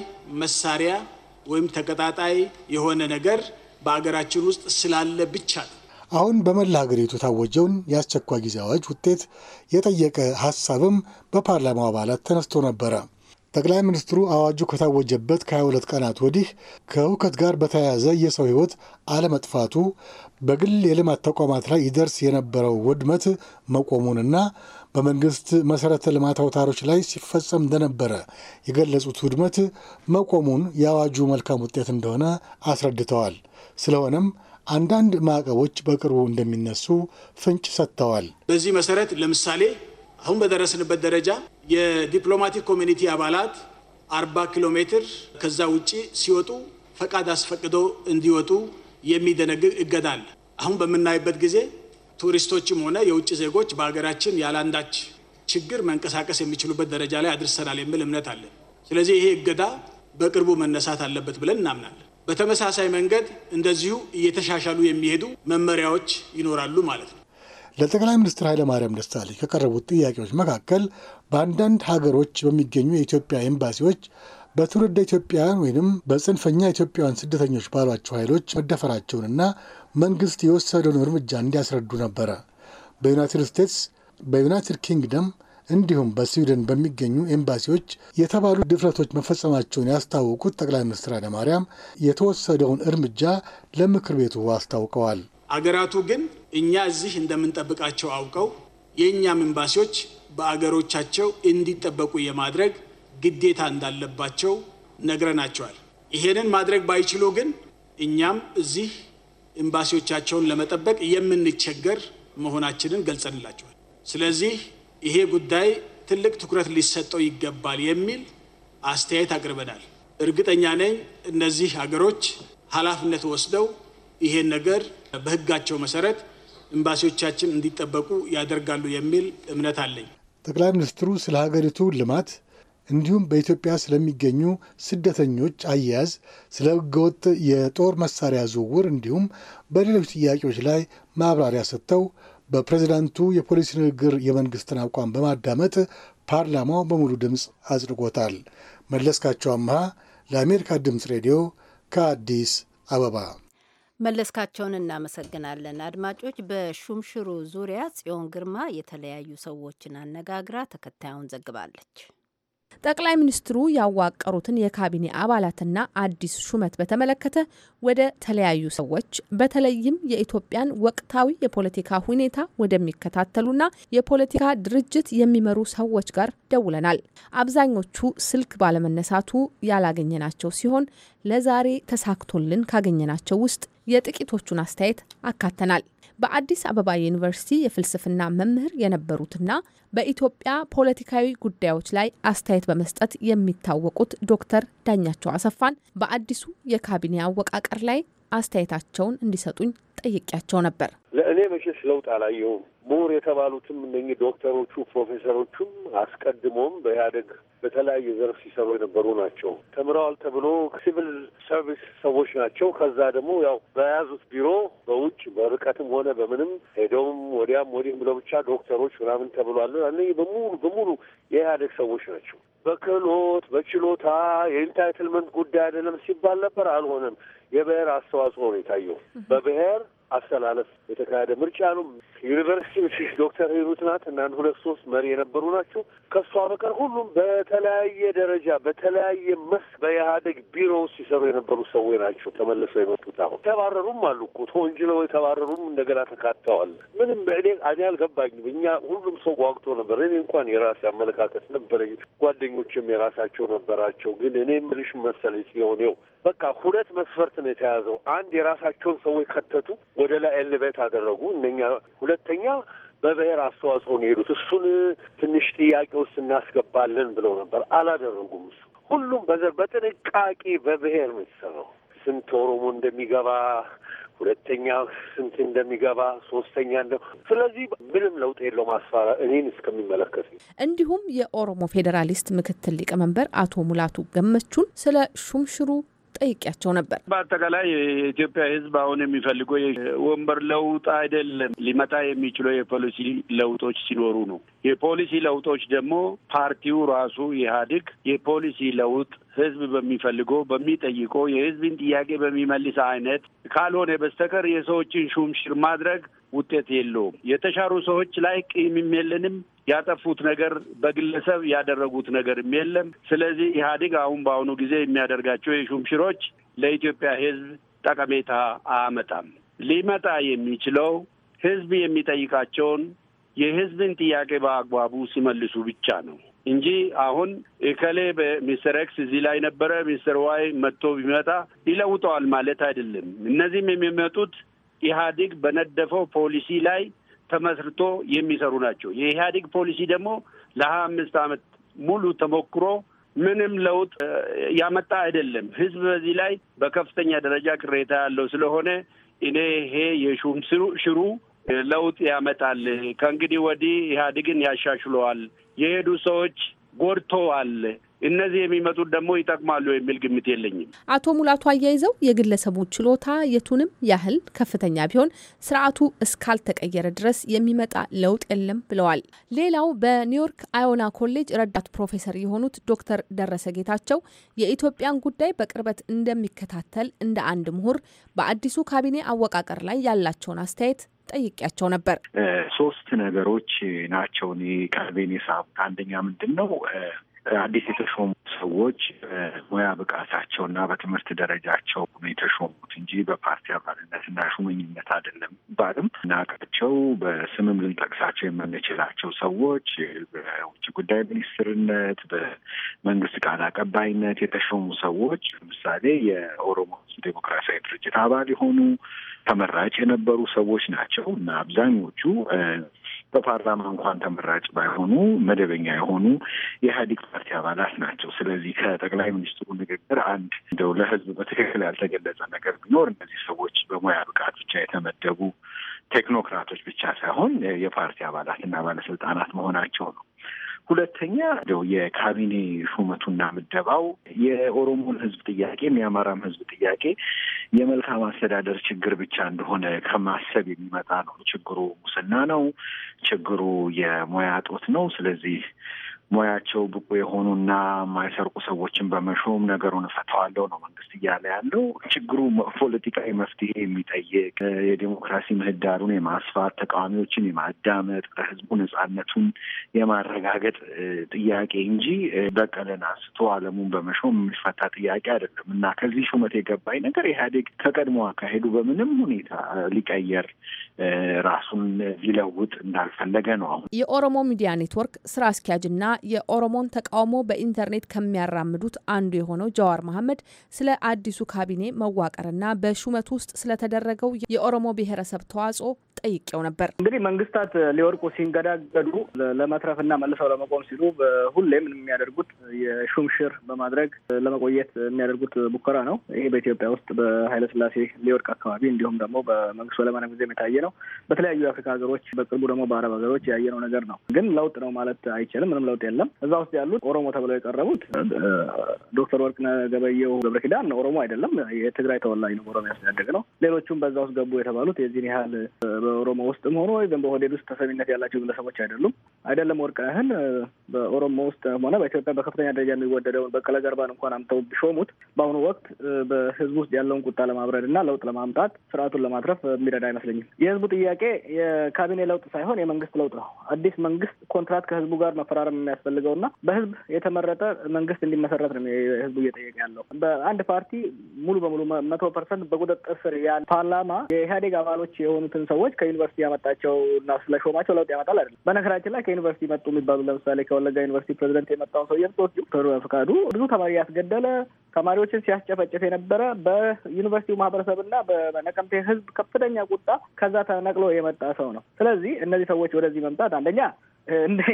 መሳሪያ ወይም ተቀጣጣይ የሆነ ነገር በአገራችን ውስጥ ስላለ ብቻ ነው። አሁን በመላ ሀገሪቱ የታወጀውን የአስቸኳይ ጊዜ አዋጅ ውጤት የጠየቀ ሀሳብም በፓርላማው አባላት ተነስቶ ነበረ። ጠቅላይ ሚኒስትሩ አዋጁ ከታወጀበት ከ22 ቀናት ወዲህ ከሁከት ጋር በተያያዘ የሰው ሕይወት አለመጥፋቱ በግል የልማት ተቋማት ላይ ይደርስ የነበረው ውድመት መቆሙንና በመንግስት መሠረተ ልማት አውታሮች ላይ ሲፈጸም እንደነበረ የገለጹት ውድመት መቆሙን የአዋጁ መልካም ውጤት እንደሆነ አስረድተዋል። ስለሆነም አንዳንድ ማዕቀቦች በቅርቡ እንደሚነሱ ፍንጭ ሰጥተዋል። በዚህ መሠረት ለምሳሌ አሁን በደረስንበት ደረጃ የዲፕሎማቲክ ኮሚኒቲ አባላት አርባ ኪሎ ሜትር ከዛ ውጭ ሲወጡ ፈቃድ አስፈቅዶ እንዲወጡ የሚደነግግ እገዳ አለ። አሁን በምናይበት ጊዜ ቱሪስቶችም ሆነ የውጭ ዜጎች በሀገራችን ያላንዳች ችግር መንቀሳቀስ የሚችሉበት ደረጃ ላይ አድርሰናል የሚል እምነት አለ። ስለዚህ ይሄ እገዳ በቅርቡ መነሳት አለበት ብለን እናምናለን። በተመሳሳይ መንገድ እንደዚሁ እየተሻሻሉ የሚሄዱ መመሪያዎች ይኖራሉ ማለት ነው። ለጠቅላይ ሚኒስትር ኃይለማርያም ደሳለኝ ከቀረቡት ጥያቄዎች መካከል በአንዳንድ ሀገሮች በሚገኙ የኢትዮጵያ ኤምባሲዎች በትውልደ ኢትዮጵያውያን ወይም በጽንፈኛ ኢትዮጵያውያን ስደተኞች ባሏቸው ኃይሎች መደፈራቸውንና መንግስት የወሰደውን እርምጃ እንዲያስረዱ ነበረ። በዩናይትድ ስቴትስ፣ በዩናይትድ ኪንግደም እንዲሁም በስዊድን በሚገኙ ኤምባሲዎች የተባሉ ድፍረቶች መፈጸማቸውን ያስታወቁት ጠቅላይ ሚኒስትር ኃይለማርያም የተወሰደውን እርምጃ ለምክር ቤቱ አስታውቀዋል። አገራቱ ግን እኛ እዚህ እንደምንጠብቃቸው አውቀው የእኛም ኤምባሲዎች በአገሮቻቸው እንዲጠበቁ የማድረግ ግዴታ እንዳለባቸው ነግረናቸዋል። ይሄንን ማድረግ ባይችሉ ግን እኛም እዚህ ኤምባሲዎቻቸውን ለመጠበቅ የምንቸገር መሆናችንን ገልጸንላቸዋል። ስለዚህ ይሄ ጉዳይ ትልቅ ትኩረት ሊሰጠው ይገባል የሚል አስተያየት አቅርበናል። እርግጠኛ ነኝ እነዚህ ሀገሮች ኃላፊነት ወስደው ይሄን ነገር በህጋቸው መሰረት ኤምባሲዎቻችን እንዲጠበቁ ያደርጋሉ የሚል እምነት አለኝ። ጠቅላይ ሚኒስትሩ ስለ ሀገሪቱ ልማት እንዲሁም በኢትዮጵያ ስለሚገኙ ስደተኞች አያያዝ፣ ስለ ህገወጥ የጦር መሳሪያ ዝውውር እንዲሁም በሌሎች ጥያቄዎች ላይ ማብራሪያ ሰጥተው በፕሬዝዳንቱ የፖሊሲ ንግግር የመንግስትን አቋም በማዳመጥ ፓርላማው በሙሉ ድምፅ አጽድቆታል። መለስካቸው አምሃ ለአሜሪካ ድምፅ ሬዲዮ ከአዲስ አበባ መለስካቸውን እናመሰግናለን። አድማጮች፣ በሹምሽሩ ዙሪያ ጽዮን ግርማ የተለያዩ ሰዎችን አነጋግራ ተከታዩን ዘግባለች። ጠቅላይ ሚኒስትሩ ያዋቀሩትን የካቢኔ አባላትና አዲስ ሹመት በተመለከተ ወደ ተለያዩ ሰዎች በተለይም የኢትዮጵያን ወቅታዊ የፖለቲካ ሁኔታ ወደሚከታተሉና የፖለቲካ ድርጅት የሚመሩ ሰዎች ጋር ደውለናል። አብዛኞቹ ስልክ ባለመነሳቱ ያላገኘናቸው ሲሆን ለዛሬ ተሳክቶልን ካገኘናቸው ውስጥ የጥቂቶቹን አስተያየት አካተናል። በአዲስ አበባ ዩኒቨርሲቲ የፍልስፍና መምህር የነበሩትና በኢትዮጵያ ፖለቲካዊ ጉዳዮች ላይ አስተያየት በመስጠት የሚታወቁት ዶክተር ዳኛቸው አሰፋን በአዲሱ የካቢኔ አወቃቀር ላይ አስተያየታቸውን እንዲሰጡኝ ጠይቄያቸው ነበር። ለእኔ መቼስ ለውጥ አላየውም። ምሁር የተባሉትም እነኚህ ዶክተሮቹ፣ ፕሮፌሰሮቹም አስቀድሞም በኢህአደግ በተለያየ ዘርፍ ሲሰሩ የነበሩ ናቸው። ተምረዋል ተብሎ ሲቪል ሰርቪስ ሰዎች ናቸው። ከዛ ደግሞ ያው በያዙት ቢሮ በውጭ በርቀትም ሆነ በምንም ሄደውም ወዲያም ወዲህም ብለው ብቻ ዶክተሮች ምናምን ተብሏል። እነኚህ በሙሉ በሙሉ የኢህአደግ ሰዎች ናቸው። በክህሎት በችሎታ የኢንታይትልመንት ጉዳይ አይደለም ሲባል ነበር። አልሆነም። የብሔር አስተዋጽኦ ነው የታየው። በብሔር አስተላለፍ የተካሄደ ምርጫ ነው። ዩኒቨርሲቲ ዶክተር ሂሩት ናት እና ሁለት ሶስት መሪ የነበሩ ናቸው። ከእሷ በቀር ሁሉም በተለያየ ደረጃ በተለያየ መስክ በኢህአደግ ቢሮ ውስጥ ሲሰሩ የነበሩ ሰዎች ናቸው ተመልሰው የመጡት። አሁን የተባረሩም አሉ እኮ ተወንጅለው የተባረሩም እንደገና ተካተዋል። ምንም በእኔ እኔ አልገባኝም። እኛ ሁሉም ሰው ጓግቶ ነበር። እኔ እንኳን የራሴ አመለካከት ነበረኝ፣ ጓደኞችም የራሳቸው ነበራቸው። ግን እኔ ምልሽ መሰለኝ ሲሆን ይኸው በቃ ሁለት መስፈርት ነው የተያዘው። አንድ የራሳቸውን ሰዎች ከተቱ ወደ ላይ ኤልቤት አደረጉ። እነኛ ሁለተኛ በብሔር አስተዋጽኦ ነው የሄዱት። እሱን ትንሽ ጥያቄ ውስጥ እናስገባለን ብለው ነበር፣ አላደረጉም። እሱ ሁሉም በዘር በጥንቃቄ በብሔር ነው የተሰራው። ስንት ኦሮሞ እንደሚገባ ሁለተኛ ስንት እንደሚገባ ሶስተኛ እንደ ስለዚህ ምንም ለውጥ የለው ማስፋራ እኔን እስከሚመለከት። እንዲሁም የኦሮሞ ፌዴራሊስት ምክትል ሊቀመንበር አቶ ሙላቱ ገመቹን ስለ ሹምሽሩ ጠይቄያቸው ነበር። በአጠቃላይ የኢትዮጵያ ሕዝብ አሁን የሚፈልገው ወንበር ለውጥ አይደለም። ሊመጣ የሚችለው የፖሊሲ ለውጦች ሲኖሩ ነው። የፖሊሲ ለውጦች ደግሞ ፓርቲው ራሱ ኢህአዴግ የፖሊሲ ለውጥ ህዝብ በሚፈልገው በሚጠይቀው የህዝብን ጥያቄ በሚመልስ አይነት ካልሆነ በስተቀር የሰዎችን ሹምሽር ማድረግ ውጤት የለውም። የተሻሩ ሰዎች ላይ ቂምም የለንም፣ ያጠፉት ነገር በግለሰብ ያደረጉት ነገርም የለም። ስለዚህ ኢህአዴግ አሁን በአሁኑ ጊዜ የሚያደርጋቸው የሹምሽሮች ለኢትዮጵያ ህዝብ ጠቀሜታ አያመጣም። ሊመጣ የሚችለው ህዝብ የሚጠይቃቸውን የህዝብን ጥያቄ በአግባቡ ሲመልሱ ብቻ ነው እንጂ አሁን እከሌ በሚስተር ኤክስ እዚህ ላይ ነበረ ሚስተር ዋይ መጥቶ ቢመጣ ይለውጠዋል ማለት አይደለም። እነዚህም የሚመጡት ኢህአዴግ በነደፈው ፖሊሲ ላይ ተመስርቶ የሚሰሩ ናቸው። የኢህአዴግ ፖሊሲ ደግሞ ለሀያ አምስት ዓመት ሙሉ ተሞክሮ ምንም ለውጥ ያመጣ አይደለም። ህዝብ በዚህ ላይ በከፍተኛ ደረጃ ቅሬታ ያለው ስለሆነ እኔ ይሄ የሹም ሽሩ ለውጥ ያመጣል፣ ከእንግዲህ ወዲህ ኢህአዴግን ያሻሽለዋል፣ የሄዱ ሰዎች ጎድተዋል እነዚህ የሚመጡት ደግሞ ይጠቅማሉ የሚል ግምት የለኝም። አቶ ሙላቱ አያይዘው የግለሰቡ ችሎታ የቱንም ያህል ከፍተኛ ቢሆን ስርዓቱ እስካልተቀየረ ድረስ የሚመጣ ለውጥ የለም ብለዋል። ሌላው በኒውዮርክ አዮና ኮሌጅ ረዳት ፕሮፌሰር የሆኑት ዶክተር ደረሰ ጌታቸው የኢትዮጵያን ጉዳይ በቅርበት እንደሚከታተል እንደ አንድ ምሁር በአዲሱ ካቢኔ አወቃቀር ላይ ያላቸውን አስተያየት ጠይቄያቸው ነበር። ሶስት ነገሮች ናቸው እኔ ቀልቤን አንደኛ ምንድን ነው አዲስ የተሾሙ ሰዎች ሙያ ብቃታቸው እና በትምህርት ደረጃቸው የተሾሙት እንጂ በፓርቲ አባልነት እና ሹመኝነት አይደለም ባልም ናቃቸው በስምም ልንጠቅሳቸው የምንችላቸው ሰዎች በውጭ ጉዳይ ሚኒስትርነት፣ በመንግስት ቃል አቀባይነት የተሾሙ ሰዎች ለምሳሌ የኦሮሞ ዴሞክራሲያዊ ድርጅት አባል የሆኑ ተመራጭ የነበሩ ሰዎች ናቸው እና አብዛኞቹ በፓርላማ እንኳን ተመራጭ ባይሆኑ መደበኛ የሆኑ የኢህአዴግ ፓርቲ አባላት ናቸው። ስለዚህ ከጠቅላይ ሚኒስትሩ ንግግር አንድ እንደው ለህዝብ በትክክል ያልተገለጸ ነገር ቢኖር እነዚህ ሰዎች በሙያ ብቃት ብቻ የተመደቡ ቴክኖክራቶች ብቻ ሳይሆን የፓርቲ አባላትና ባለስልጣናት መሆናቸው ነው። ሁለተኛ እንደው የካቢኔ ሹመቱና ምደባው የኦሮሞን ህዝብ ጥያቄ የአማራም ህዝብ ጥያቄ የመልካም አስተዳደር ችግር ብቻ እንደሆነ ከማሰብ የሚመጣ ነው። ችግሩ ሙስና ነው። ችግሩ የሙያ ጦት ነው። ስለዚህ ሙያቸው ብቁ የሆኑና የማይሰርቁ ሰዎችን በመሾም ነገሩን እፈተዋለሁ ነው መንግስት እያለ ያለው። ችግሩ ፖለቲካዊ መፍትሄ የሚጠይቅ የዴሞክራሲ ምህዳሩን የማስፋት ተቃዋሚዎችን የማዳመጥ ለህዝቡ ነጻነቱን የማረጋገጥ ጥያቄ እንጂ በቀለን አንስቶ አለሙን በመሾም የሚፈታ ጥያቄ አይደለም እና ከዚህ ሹመት የገባኝ ነገር ኢህአዴግ ከቀድሞ አካሄዱ በምንም ሁኔታ ሊቀየር ራሱን ሊለውጥ እንዳልፈለገ ነው። አሁን የኦሮሞ ሚዲያ ኔትወርክ ስራ አስኪያጅና የኦሮሞን ተቃውሞ በኢንተርኔት ከሚያራምዱት አንዱ የሆነው ጃዋር መሐመድ ስለ አዲሱ ካቢኔ መዋቅርና በሹመት ውስጥ ስለተደረገው የኦሮሞ ብሔረሰብ ተዋጽኦ ጠይቄው ነበር። እንግዲህ መንግስታት ሊወርቁ ሲንገዳገዱ ለመትረፍና መልሰው ለመቆም ሲሉ ሁሌም የሚያደርጉት የሹምሽር በማድረግ ለመቆየት የሚያደርጉት ሙከራ ነው። ይሄ በኢትዮጵያ ውስጥ በኃይለስላሴ ሊወርቅ አካባቢ እንዲሁም ደግሞ በመንግስቱ ወለመነ ጊዜ የታየ ነው። በተለያዩ የአፍሪካ ሀገሮች፣ በቅርቡ ደግሞ በአረብ ሀገሮች ያየነው ነገር ነው። ግን ለውጥ ነው ማለት አይችልም። ምንም ለውጥ የለም። እዛ ውስጥ ያሉት ኦሮሞ ተብለው የቀረቡት ዶክተር ወርቅነህ ገበየሁ ገብረኪዳን ኦሮሞ አይደለም፣ የትግራይ ተወላጅ ነው። ኦሮሚያ ያደገ ነው። ሌሎቹም በዛ ውስጥ ገቡ የተባሉት የዚህን ያህል በኦሮሞ ውስጥም ሆኖ ወይም በሆዴድ ውስጥ ተሰሚነት ያላቸው ግለሰቦች አይደሉም። አይደለም ወርቅነህን በኦሮሞ ውስጥ ሆነ በኢትዮጵያ በከፍተኛ ደረጃ የሚወደደውን በቀለ ገርባን እንኳን አምተው ቢሾሙት በአሁኑ ወቅት በህዝቡ ውስጥ ያለውን ቁጣ ለማብረድ እና ለውጥ ለማምጣት ስርዓቱን ለማትረፍ የሚረዳ አይመስለኝም። የህዝቡ ጥያቄ የካቢኔ ለውጥ ሳይሆን የመንግስት ለውጥ ነው። አዲስ መንግስት ኮንትራት ከህዝቡ ጋር መፈራረም የሚያስፈልገው እና በህዝብ የተመረጠ መንግስት እንዲመሰረት ነው ህዝቡ እየጠየቀ ያለው። በአንድ ፓርቲ ሙሉ በሙሉ መቶ ፐርሰንት በቁጥጥር ስር ያ ፓርላማ የኢህአዴግ አባሎች የሆኑትን ሰዎች ከዩኒቨርሲቲ ያመጣቸው እና ስለሾማቸው ለውጥ ያመጣል አይደለም። በነገራችን ላይ ከዩኒቨርሲቲ መጡ የሚባሉ ለምሳሌ ከወለጋ ዩኒቨርሲቲ ፕሬዚደንት የመጣውን ሰው ብትወስጂው ዶክተሩ በፍቃዱ ብዙ ተማሪ ያስገደለ፣ ተማሪዎችን ሲያስጨፈጭፍ የነበረ በዩኒቨርሲቲው ማህበረሰብና በነቀምቴ ህዝብ ከፍተኛ ቁጣ ከዛ ተነቅሎ የመጣ ሰው ነው። ስለዚህ እነዚህ ሰዎች ወደዚህ መምጣት አንደኛ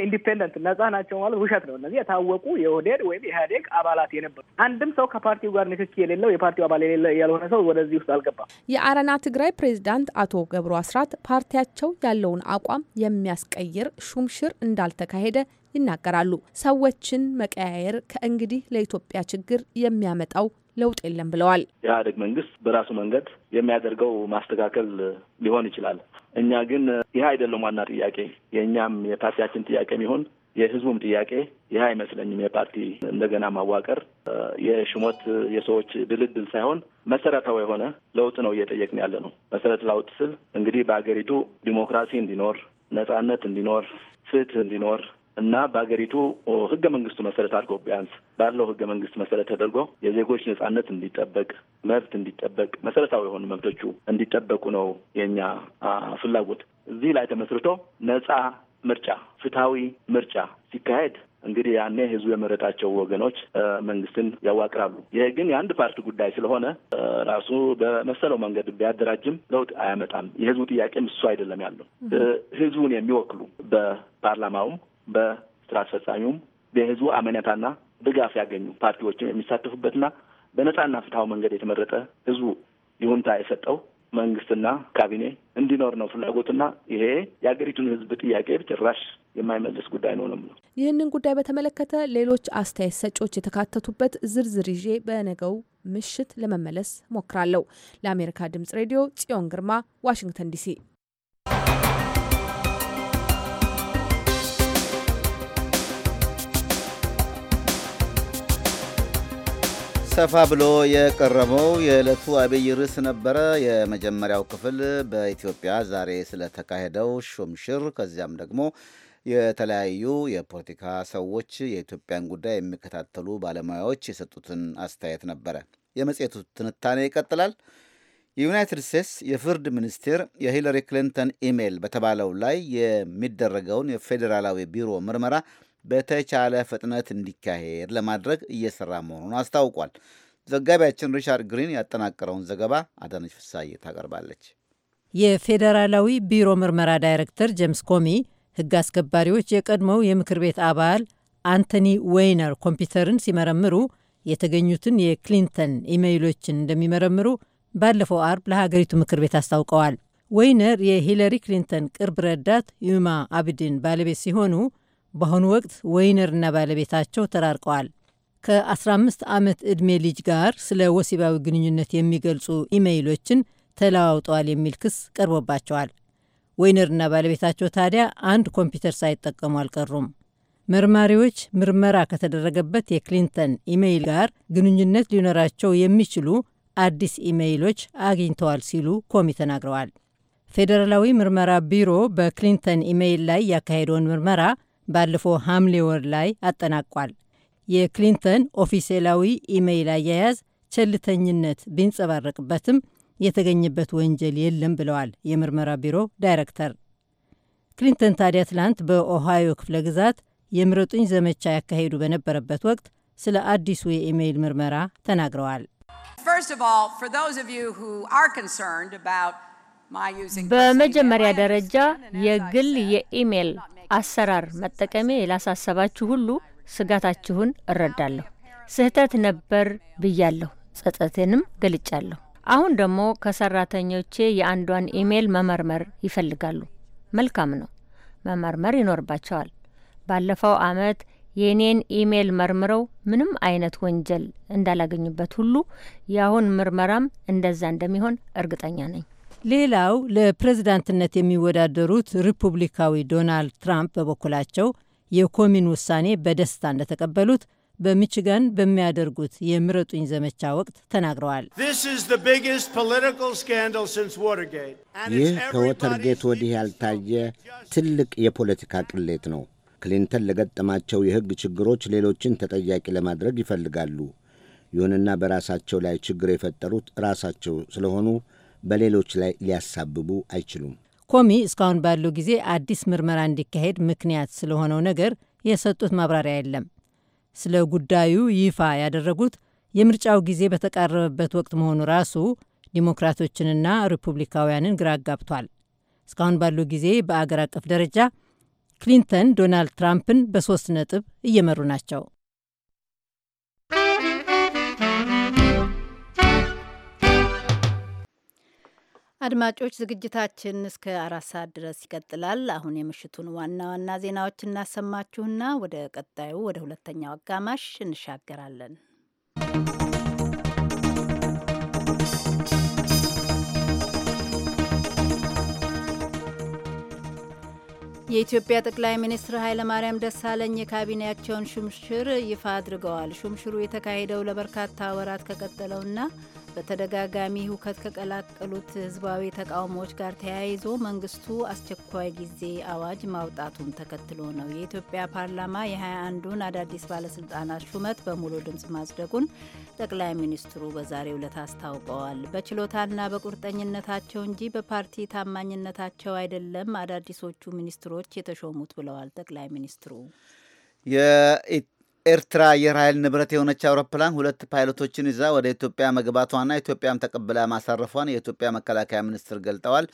ኢንዲፔንደንት ነጻ ናቸው ማለት ውሸት ነው። እነዚህ የታወቁ የኦህዴድ ወይም የኢህአዴግ አባላት የነበሩ አንድም ሰው ከፓርቲው ጋር ንክኪ የሌለው የፓርቲው አባል የሌለ ያልሆነ ሰው ወደዚህ ውስጥ አልገባም። የአረና ትግራይ ፕሬዚዳንት አቶ ገብሩ አስራት ፓርቲያቸው ያለውን አቋም የሚያስቀይር ሹምሽር እንዳልተካሄደ ይናገራሉ። ሰዎችን መቀያየር ከእንግዲህ ለኢትዮጵያ ችግር የሚያመጣው ለውጥ የለም ብለዋል። የኢህአዴግ መንግስት በራሱ መንገድ የሚያደርገው ማስተካከል ሊሆን ይችላል። እኛ ግን ይህ አይደለም ዋና ጥያቄ። የእኛም የፓርቲያችን ጥያቄ የሚሆን የህዝቡም ጥያቄ ይህ አይመስለኝም። የፓርቲ እንደገና ማዋቀር የሽሞት የሰዎች ድልድል ሳይሆን መሰረታዊ የሆነ ለውጥ ነው እየጠየቅን ያለ ነው። መሰረት ለውጥ ስል እንግዲህ በሀገሪቱ ዲሞክራሲ እንዲኖር፣ ነጻነት እንዲኖር፣ ፍትህ እንዲኖር እና በሀገሪቱ ህገ መንግስቱ መሰረት አድርጎ ቢያንስ ባለው ህገ መንግስት መሰረት ተደርጎ የዜጎች ነጻነት እንዲጠበቅ፣ መብት እንዲጠበቅ፣ መሰረታዊ የሆኑ መብቶቹ እንዲጠበቁ ነው የኛ ፍላጎት። እዚህ ላይ ተመስርቶ ነጻ ምርጫ ፍትሐዊ ምርጫ ሲካሄድ እንግዲህ ያኔ ህዝቡ የመረጣቸው ወገኖች መንግስትን ያዋቅራሉ። ይሄ ግን የአንድ ፓርቲ ጉዳይ ስለሆነ ራሱ በመሰለው መንገድ ቢያደራጅም ለውጥ አያመጣም። የህዝቡ ጥያቄም እሱ አይደለም ያለው። ህዝቡን የሚወክሉ በፓርላማውም በስራ አስፈጻሚውም በህዝቡ አመኔታና ድጋፍ ያገኙ ፓርቲዎችም የሚሳተፉበትና በነጻና ፍትሐዊ መንገድ የተመረጠ ህዝቡ ይሁንታ የሰጠው መንግስትና ካቢኔ እንዲኖር ነው ፍላጎትና ይሄ የሀገሪቱን ህዝብ ጥያቄ ጭራሽ የማይመልስ ጉዳይ ነው ነው። ይህንን ጉዳይ በተመለከተ ሌሎች አስተያየት ሰጪዎች የተካተቱበት ዝርዝር ይዤ በነገው ምሽት ለመመለስ ሞክራለሁ። ለአሜሪካ ድምጽ ሬዲዮ ጽዮን ግርማ ዋሽንግተን ዲሲ። ሰፋ ብሎ የቀረበው የዕለቱ አብይ ርዕስ ነበረ። የመጀመሪያው ክፍል በኢትዮጵያ ዛሬ ስለተካሄደው ሹምሽር ከዚያም ደግሞ የተለያዩ የፖለቲካ ሰዎች የኢትዮጵያን ጉዳይ የሚከታተሉ ባለሙያዎች የሰጡትን አስተያየት ነበረ። የመጽሔቱ ትንታኔ ይቀጥላል። የዩናይትድ ስቴትስ የፍርድ ሚኒስቴር የሂለሪ ክሊንተን ኢሜይል በተባለው ላይ የሚደረገውን የፌዴራላዊ ቢሮ ምርመራ በተቻለ ፍጥነት እንዲካሄድ ለማድረግ እየሰራ መሆኑን አስታውቋል። ዘጋቢያችን ሪቻርድ ግሪን ያጠናቀረውን ዘገባ አዳነች ፍሳዬ ታቀርባለች። የፌዴራላዊ ቢሮ ምርመራ ዳይሬክተር ጄምስ ኮሚ ሕግ አስከባሪዎች የቀድሞው የምክር ቤት አባል አንቶኒ ዌይነር ኮምፒውተርን ሲመረምሩ የተገኙትን የክሊንተን ኢሜይሎችን እንደሚመረምሩ ባለፈው አርብ ለሀገሪቱ ምክር ቤት አስታውቀዋል። ወይነር የሂለሪ ክሊንተን ቅርብ ረዳት ዩማ አብድን ባለቤት ሲሆኑ በአሁኑ ወቅት ወይነርና ባለቤታቸው ተራርቀዋል። ከ15 ዓመት ዕድሜ ልጅ ጋር ስለ ወሲባዊ ግንኙነት የሚገልጹ ኢሜይሎችን ተለዋውጠዋል የሚል ክስ ቀርቦባቸዋል። ወይነርና ባለቤታቸው ታዲያ አንድ ኮምፒውተር ሳይጠቀሙ አልቀሩም። መርማሪዎች ምርመራ ከተደረገበት የክሊንተን ኢሜይል ጋር ግንኙነት ሊኖራቸው የሚችሉ አዲስ ኢሜይሎች አግኝተዋል ሲሉ ኮሚ ተናግረዋል። ፌዴራላዊ ምርመራ ቢሮ በክሊንተን ኢሜይል ላይ ያካሄደውን ምርመራ ባለፈው ሐምሌ ወር ላይ አጠናቋል። የክሊንተን ኦፊሴላዊ ኢሜይል አያያዝ ቸልተኝነት ቢንጸባረቅበትም የተገኘበት ወንጀል የለም ብለዋል የምርመራ ቢሮ ዳይሬክተር። ክሊንተን ታዲያ ትላንት በኦሃዮ ክፍለ ግዛት የምረጡኝ ዘመቻ ያካሄዱ በነበረበት ወቅት ስለ አዲሱ የኢሜይል ምርመራ ተናግረዋል። በመጀመሪያ ደረጃ የግል የኢሜይል አሰራር መጠቀሜ ላሳሰባችሁ ሁሉ ስጋታችሁን እረዳለሁ። ስህተት ነበር ብያለሁ፣ ጸጸቴንም ገልጫለሁ። አሁን ደግሞ ከሰራተኞቼ የአንዷን ኢሜል መመርመር ይፈልጋሉ። መልካም ነው፣ መመርመር ይኖርባቸዋል። ባለፈው አመት የእኔን ኢሜል መርምረው ምንም አይነት ወንጀል እንዳላገኙበት ሁሉ የአሁን ምርመራም እንደዛ እንደሚሆን እርግጠኛ ነኝ። ሌላው ለፕሬዝዳንትነት የሚወዳደሩት ሪፑብሊካዊ ዶናልድ ትራምፕ በበኩላቸው የኮሚን ውሳኔ በደስታ እንደተቀበሉት በሚችጋን በሚያደርጉት የምረጡኝ ዘመቻ ወቅት ተናግረዋል። ይህ ከወተርጌት ወዲህ ያልታየ ትልቅ የፖለቲካ ቅሌት ነው። ክሊንተን ለገጠማቸው የሕግ ችግሮች ሌሎችን ተጠያቂ ለማድረግ ይፈልጋሉ። ይሁንና በራሳቸው ላይ ችግር የፈጠሩት ራሳቸው ስለሆኑ በሌሎች ላይ ሊያሳብቡ አይችሉም። ኮሚ እስካሁን ባለው ጊዜ አዲስ ምርመራ እንዲካሄድ ምክንያት ስለሆነው ነገር የሰጡት ማብራሪያ የለም። ስለ ጉዳዩ ይፋ ያደረጉት የምርጫው ጊዜ በተቃረበበት ወቅት መሆኑ ራሱ ዲሞክራቶችንና ሪፑብሊካውያንን ግራ አጋብቷል። እስካሁን ባለው ጊዜ በአገር አቀፍ ደረጃ ክሊንተን ዶናልድ ትራምፕን በሶስት ነጥብ እየመሩ ናቸው። አድማጮች ዝግጅታችን እስከ አራት ሰዓት ድረስ ይቀጥላል። አሁን የምሽቱን ዋና ዋና ዜናዎች እናሰማችሁና ወደ ቀጣዩ ወደ ሁለተኛው አጋማሽ እንሻገራለን። የኢትዮጵያ ጠቅላይ ሚኒስትር ኃይለማርያም ደሳለኝ የካቢኔያቸውን ሹምሽር ይፋ አድርገዋል። ሹምሽሩ የተካሄደው ለበርካታ ወራት ከቀጠለውና በተደጋጋሚ ሁከት ከቀላቀሉት ህዝባዊ ተቃውሞዎች ጋር ተያይዞ መንግስቱ አስቸኳይ ጊዜ አዋጅ ማውጣቱን ተከትሎ ነው። የኢትዮጵያ ፓርላማ የ21ዱን አዳዲስ ባለስልጣናት ሹመት በሙሉ ድምፅ ማጽደቁን ጠቅላይ ሚኒስትሩ በዛሬው ዕለት አስታውቀዋል። በችሎታና በቁርጠኝነታቸው እንጂ በፓርቲ ታማኝነታቸው አይደለም አዳዲሶቹ ሚኒስትሮች የተሾሙት ብለዋል ጠቅላይ ሚኒስትሩ። ኤርትራ ኃይል ንብረት የሆነች አውሮፕላን ሁለት ፓይለቶችን ይዛ ወደ ኢትዮጵያ መግባቷና ኢትዮጵያም ተቀብላ ማሳረፏን የኢትዮጵያ መከላከያ ሚኒስትር ገልጠዋል።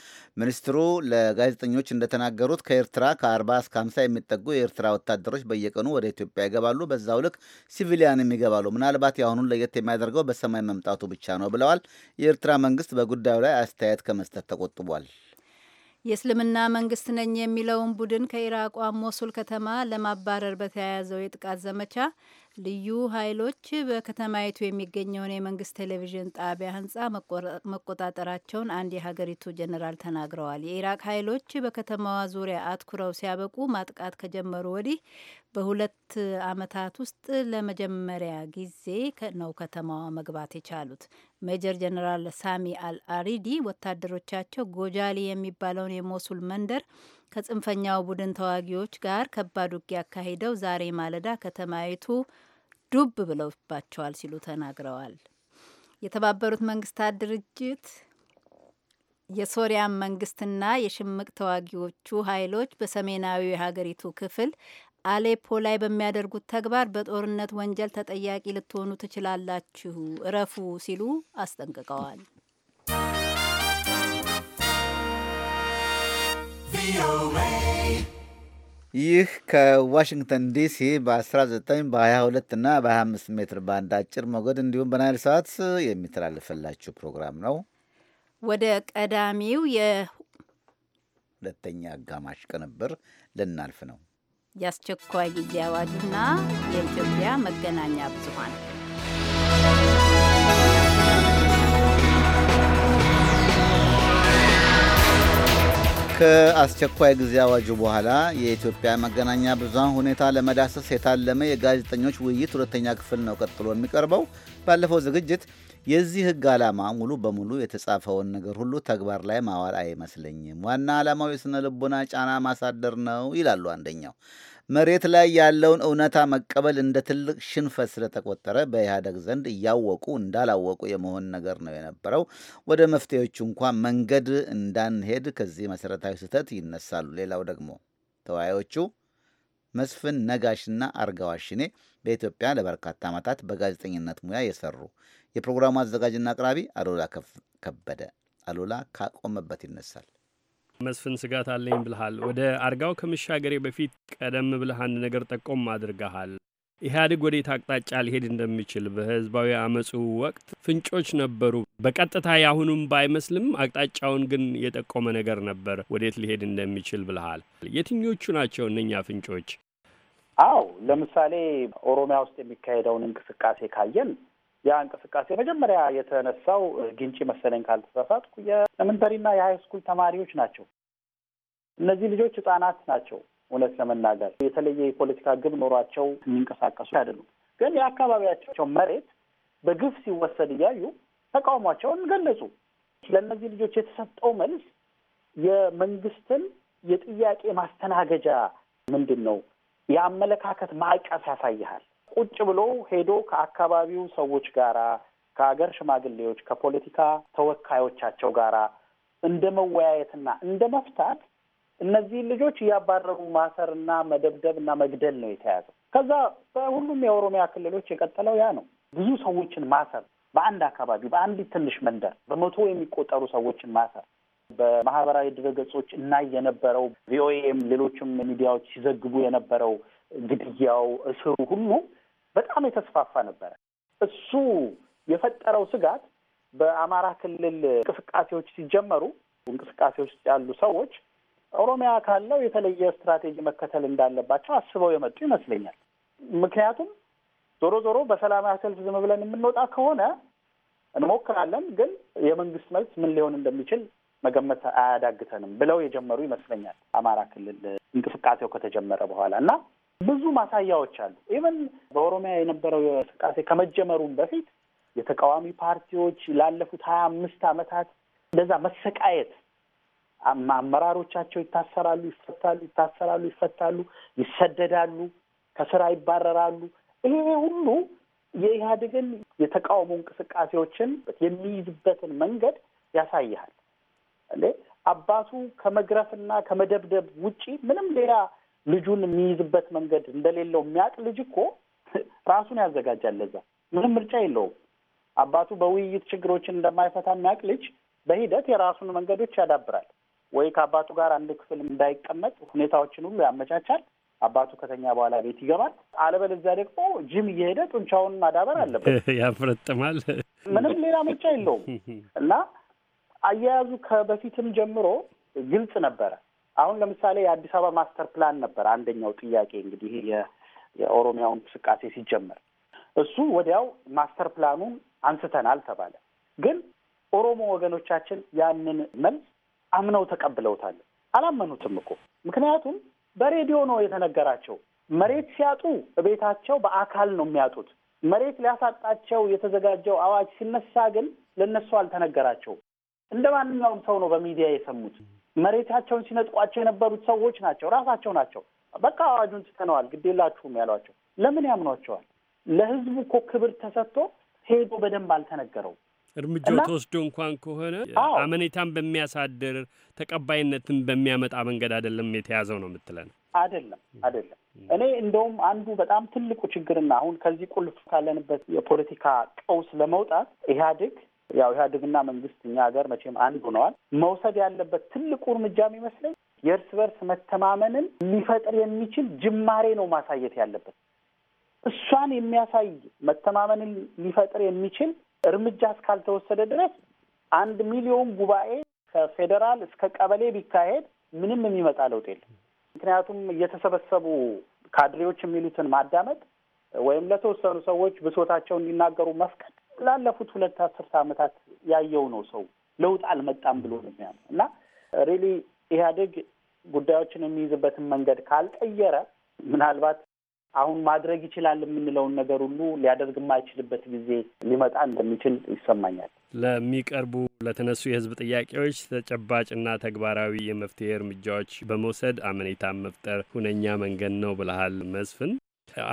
ሚኒስትሩ ለጋዜጠኞች እንደተናገሩት ከኤርትራ ከ40 እስከ 50 የሚጠጉ የኤርትራ ወታደሮች በየቀኑ ወደ ኢትዮጵያ ይገባሉ፣ በዛው ልክ ሲቪሊያንም ይገባሉ። ምናልባት የአሁኑን ለየት የሚያደርገው በሰማይ መምጣቱ ብቻ ነው ብለዋል። የኤርትራ መንግስት በጉዳዩ ላይ አስተያየት ከመስጠት ተቆጥቧል። የእስልምና መንግስት ነኝ የሚለውን ቡድን ከኢራቋ ሞሱል ከተማ ለማባረር በተያያዘው የጥቃት ዘመቻ ልዩ ኃይሎች በከተማይቱ የሚገኘውን የመንግስት ቴሌቪዥን ጣቢያ ህንጻ መቆጣጠራቸውን አንድ የሀገሪቱ ጀኔራል ተናግረዋል። የኢራቅ ኃይሎች በከተማዋ ዙሪያ አትኩረው ሲያበቁ ማጥቃት ከጀመሩ ወዲህ በሁለት ዓመታት ውስጥ ለመጀመሪያ ጊዜ ነው ከተማዋ መግባት የቻሉት። ሜጀር ጀኔራል ሳሚ አልአሪዲ ወታደሮቻቸው ጎጃሊ የሚባለውን የሞሱል መንደር ከጽንፈኛው ቡድን ተዋጊዎች ጋር ከባድ ውጊያ አካሂደው ዛሬ ማለዳ ከተማይቱ ዱብ ብለውባቸዋል ሲሉ ተናግረዋል። የተባበሩት መንግስታት ድርጅት የሶሪያን መንግስትና የሽምቅ ተዋጊዎቹ ኃይሎች በሰሜናዊ የሀገሪቱ ክፍል አሌፖ ላይ በሚያደርጉት ተግባር በጦርነት ወንጀል ተጠያቂ ልትሆኑ ትችላላችሁ፣ እረፉ ሲሉ አስጠንቅቀዋል። ይህ ከዋሽንግተን ዲሲ በ19 በ22 እና በ25 ሜትር ባንድ አጭር ሞገድ እንዲሁም በናይል ሰዓት የሚተላለፈላችሁ ፕሮግራም ነው። ወደ ቀዳሚው የሁለተኛ አጋማሽ ቅንብር ልናልፍ ነው። የአስቸኳይ ጊዜ አዋጅና የኢትዮጵያ መገናኛ ብዙሃን። ከአስቸኳይ ጊዜ አዋጁ በኋላ የኢትዮጵያ መገናኛ ብዙሃን ሁኔታ ለመዳሰስ የታለመ የጋዜጠኞች ውይይት ሁለተኛ ክፍል ነው ቀጥሎ የሚቀርበው። ባለፈው ዝግጅት የዚህ ሕግ ዓላማ ሙሉ በሙሉ የተጻፈውን ነገር ሁሉ ተግባር ላይ ማዋል አይመስለኝም፣ ዋና ዓላማው የሥነ ልቦና ጫና ማሳደር ነው ይላሉ አንደኛው። መሬት ላይ ያለውን እውነታ መቀበል እንደ ትልቅ ሽንፈት ስለተቆጠረ በኢህአደግ ዘንድ እያወቁ እንዳላወቁ የመሆን ነገር ነው የነበረው። ወደ መፍትሄዎቹ እንኳን መንገድ እንዳንሄድ ከዚህ መሰረታዊ ስህተት ይነሳሉ። ሌላው ደግሞ ተወያዮቹ መስፍን ነጋሽና አርጋዋሽኔ በኢትዮጵያ ለበርካታ ዓመታት በጋዜጠኝነት ሙያ የሰሩ የፕሮግራሙ አዘጋጅና አቅራቢ አሉላ ከበደ አሉላ ካቆመበት ይነሳል። መስፍን ስጋት አለኝ ብልሃል። ወደ አርጋው ከመሻገሬ በፊት ቀደም ብለህ አንድ ነገር ጠቆም አድርገሃል። ኢህአዴግ ወዴት አቅጣጫ ሊሄድ እንደሚችል በህዝባዊ አመፁ ወቅት ፍንጮች ነበሩ። በቀጥታ ያሁኑም ባይመስልም አቅጣጫውን ግን የጠቆመ ነገር ነበር ወዴት ሊሄድ እንደሚችል ብልሃል። የትኞቹ ናቸው እነኛ ፍንጮች? አው ለምሳሌ ኦሮሚያ ውስጥ የሚካሄደውን እንቅስቃሴ ካየን ያ እንቅስቃሴ መጀመሪያ የተነሳው ግንጪ መሰለኝ ካልተሳሳትኩ የኤሌመንተሪና የሀይ ስኩል ተማሪዎች ናቸው። እነዚህ ልጆች ህጻናት ናቸው። እውነት ለመናገር የተለየ የፖለቲካ ግብ ኖሯቸው የሚንቀሳቀሱ አይደሉም። ግን የአካባቢያቸው መሬት በግፍ ሲወሰድ እያዩ ተቃውሟቸውን ገለጹ። ለእነዚህ ልጆች የተሰጠው መልስ የመንግስትን የጥያቄ ማስተናገጃ ምንድን ነው የአመለካከት ማዕቀፍ ያሳይሃል ቁጭ ብሎ ሄዶ ከአካባቢው ሰዎች ጋራ ከሀገር ሽማግሌዎች ከፖለቲካ ተወካዮቻቸው ጋራ እንደ መወያየትና እንደ መፍታት እነዚህን ልጆች እያባረሩ ማሰርና መደብደብና መግደል ነው የተያዘው። ከዛ በሁሉም የኦሮሚያ ክልሎች የቀጠለው ያ ነው። ብዙ ሰዎችን ማሰር በአንድ አካባቢ በአንዲት ትንሽ መንደር በመቶ የሚቆጠሩ ሰዎችን ማሰር በማህበራዊ ድረገጾች እና የነበረው ቪኦኤም ሌሎችም ሚዲያዎች ሲዘግቡ የነበረው ግድያው፣ እስሩ ሁሉ በጣም የተስፋፋ ነበረ። እሱ የፈጠረው ስጋት በአማራ ክልል እንቅስቃሴዎች ሲጀመሩ እንቅስቃሴዎች ውስጥ ያሉ ሰዎች ኦሮሚያ ካለው የተለየ ስትራቴጂ መከተል እንዳለባቸው አስበው የመጡ ይመስለኛል። ምክንያቱም ዞሮ ዞሮ በሰላማዊ ሰልፍ ዝም ብለን የምንወጣ ከሆነ እንሞክራለን፣ ግን የመንግስት መልስ ምን ሊሆን እንደሚችል መገመት አያዳግተንም ብለው የጀመሩ ይመስለኛል። አማራ ክልል እንቅስቃሴው ከተጀመረ በኋላ እና ብዙ ማሳያዎች አሉ። ኢቨን በኦሮሚያ የነበረው እንቅስቃሴ ከመጀመሩም በፊት የተቃዋሚ ፓርቲዎች ላለፉት ሀያ አምስት ዓመታት እንደዛ መሰቃየት አመራሮቻቸው ይታሰራሉ፣ ይፈታሉ፣ ይታሰራሉ፣ ይፈታሉ፣ ይሰደዳሉ፣ ከስራ ይባረራሉ። ይሄ ሁሉ የኢህአዴግን የተቃውሞ እንቅስቃሴዎችን የሚይዝበትን መንገድ ያሳይሃል። አባቱ ከመግረፍና ከመደብደብ ውጪ ምንም ሌላ ልጁን የሚይዝበት መንገድ እንደሌለው የሚያውቅ ልጅ እኮ ራሱን ያዘጋጃል። ለዛ ምንም ምርጫ የለውም። አባቱ በውይይት ችግሮችን እንደማይፈታ የሚያውቅ ልጅ በሂደት የራሱን መንገዶች ያዳብራል። ወይ ከአባቱ ጋር አንድ ክፍል እንዳይቀመጥ ሁኔታዎችን ሁሉ ያመቻቻል። አባቱ ከተኛ በኋላ ቤት ይገባል። አለበለዚያ ደግሞ ጅም እየሄደ ጡንቻውን ማዳበር አለበት፣ ያፍረጥማል። ምንም ሌላ ምርጫ የለውም እና አያያዙ ከበፊትም ጀምሮ ግልጽ ነበረ። አሁን ለምሳሌ የአዲስ አበባ ማስተር ፕላን ነበር አንደኛው ጥያቄ እንግዲህ የኦሮሚያው እንቅስቃሴ ሲጀመር እሱ ወዲያው ማስተር ፕላኑን አንስተናል ተባለ። ግን ኦሮሞ ወገኖቻችን ያንን መልስ አምነው ተቀብለውታል። አላመኑትም እኮ ምክንያቱም በሬዲዮ ነው የተነገራቸው። መሬት ሲያጡ ቤታቸው በአካል ነው የሚያጡት። መሬት ሊያሳጣቸው የተዘጋጀው አዋጅ ሲነሳ ግን ለእነሱ አልተነገራቸውም። እንደ ማንኛውም ሰው ነው በሚዲያ የሰሙት። መሬታቸውን ሲነጥቋቸው የነበሩት ሰዎች ናቸው፣ ራሳቸው ናቸው። በቃ አዋጁን ትተነዋል፣ ግዴላችሁም ያሏቸው ለምን ያምኗቸዋል? ለህዝቡ እኮ ክብር ተሰጥቶ ሄዶ በደንብ አልተነገረው እርምጃው ተወስዶ እንኳን ከሆነ አመኔታን በሚያሳድር ተቀባይነትን በሚያመጣ መንገድ አይደለም የተያዘው ነው የምትለን? አይደለም፣ አይደለም። እኔ እንደውም አንዱ በጣም ትልቁ ችግርና አሁን ከዚህ ቁልፍ ካለንበት የፖለቲካ ቀውስ ለመውጣት ኢህአዴግ ያው ኢህአዴግና መንግስት እኛ ሀገር መቼም አንድ ሆነዋል። መውሰድ ያለበት ትልቁ እርምጃ የሚመስለኝ የእርስ በርስ መተማመንን ሊፈጥር የሚችል ጅማሬ ነው ማሳየት ያለበት። እሷን የሚያሳይ መተማመንን ሊፈጥር የሚችል እርምጃ እስካልተወሰደ ድረስ አንድ ሚሊዮን ጉባኤ ከፌዴራል እስከ ቀበሌ ቢካሄድ ምንም የሚመጣ ለውጥ የለም። ምክንያቱም እየተሰበሰቡ ካድሬዎች የሚሉትን ማዳመጥ ወይም ለተወሰኑ ሰዎች ብሶታቸው እንዲናገሩ መፍቀድ ላለፉት ሁለት አስርተ ዓመታት ያየው ነው ሰው ለውጥ አልመጣም ብሎ ነው የሚያ እና ሪሊ ኢህአዴግ ጉዳዮችን የሚይዝበትን መንገድ ካልቀየረ ምናልባት አሁን ማድረግ ይችላል የምንለውን ነገር ሁሉ ሊያደርግ የማይችልበት ጊዜ ሊመጣ እንደሚችል ይሰማኛል። ለሚቀርቡ ለተነሱ የህዝብ ጥያቄዎች ተጨባጭና ተግባራዊ የመፍትሄ እርምጃዎች በመውሰድ አመኔታን መፍጠር ሁነኛ መንገድ ነው ብለሃል መስፍን።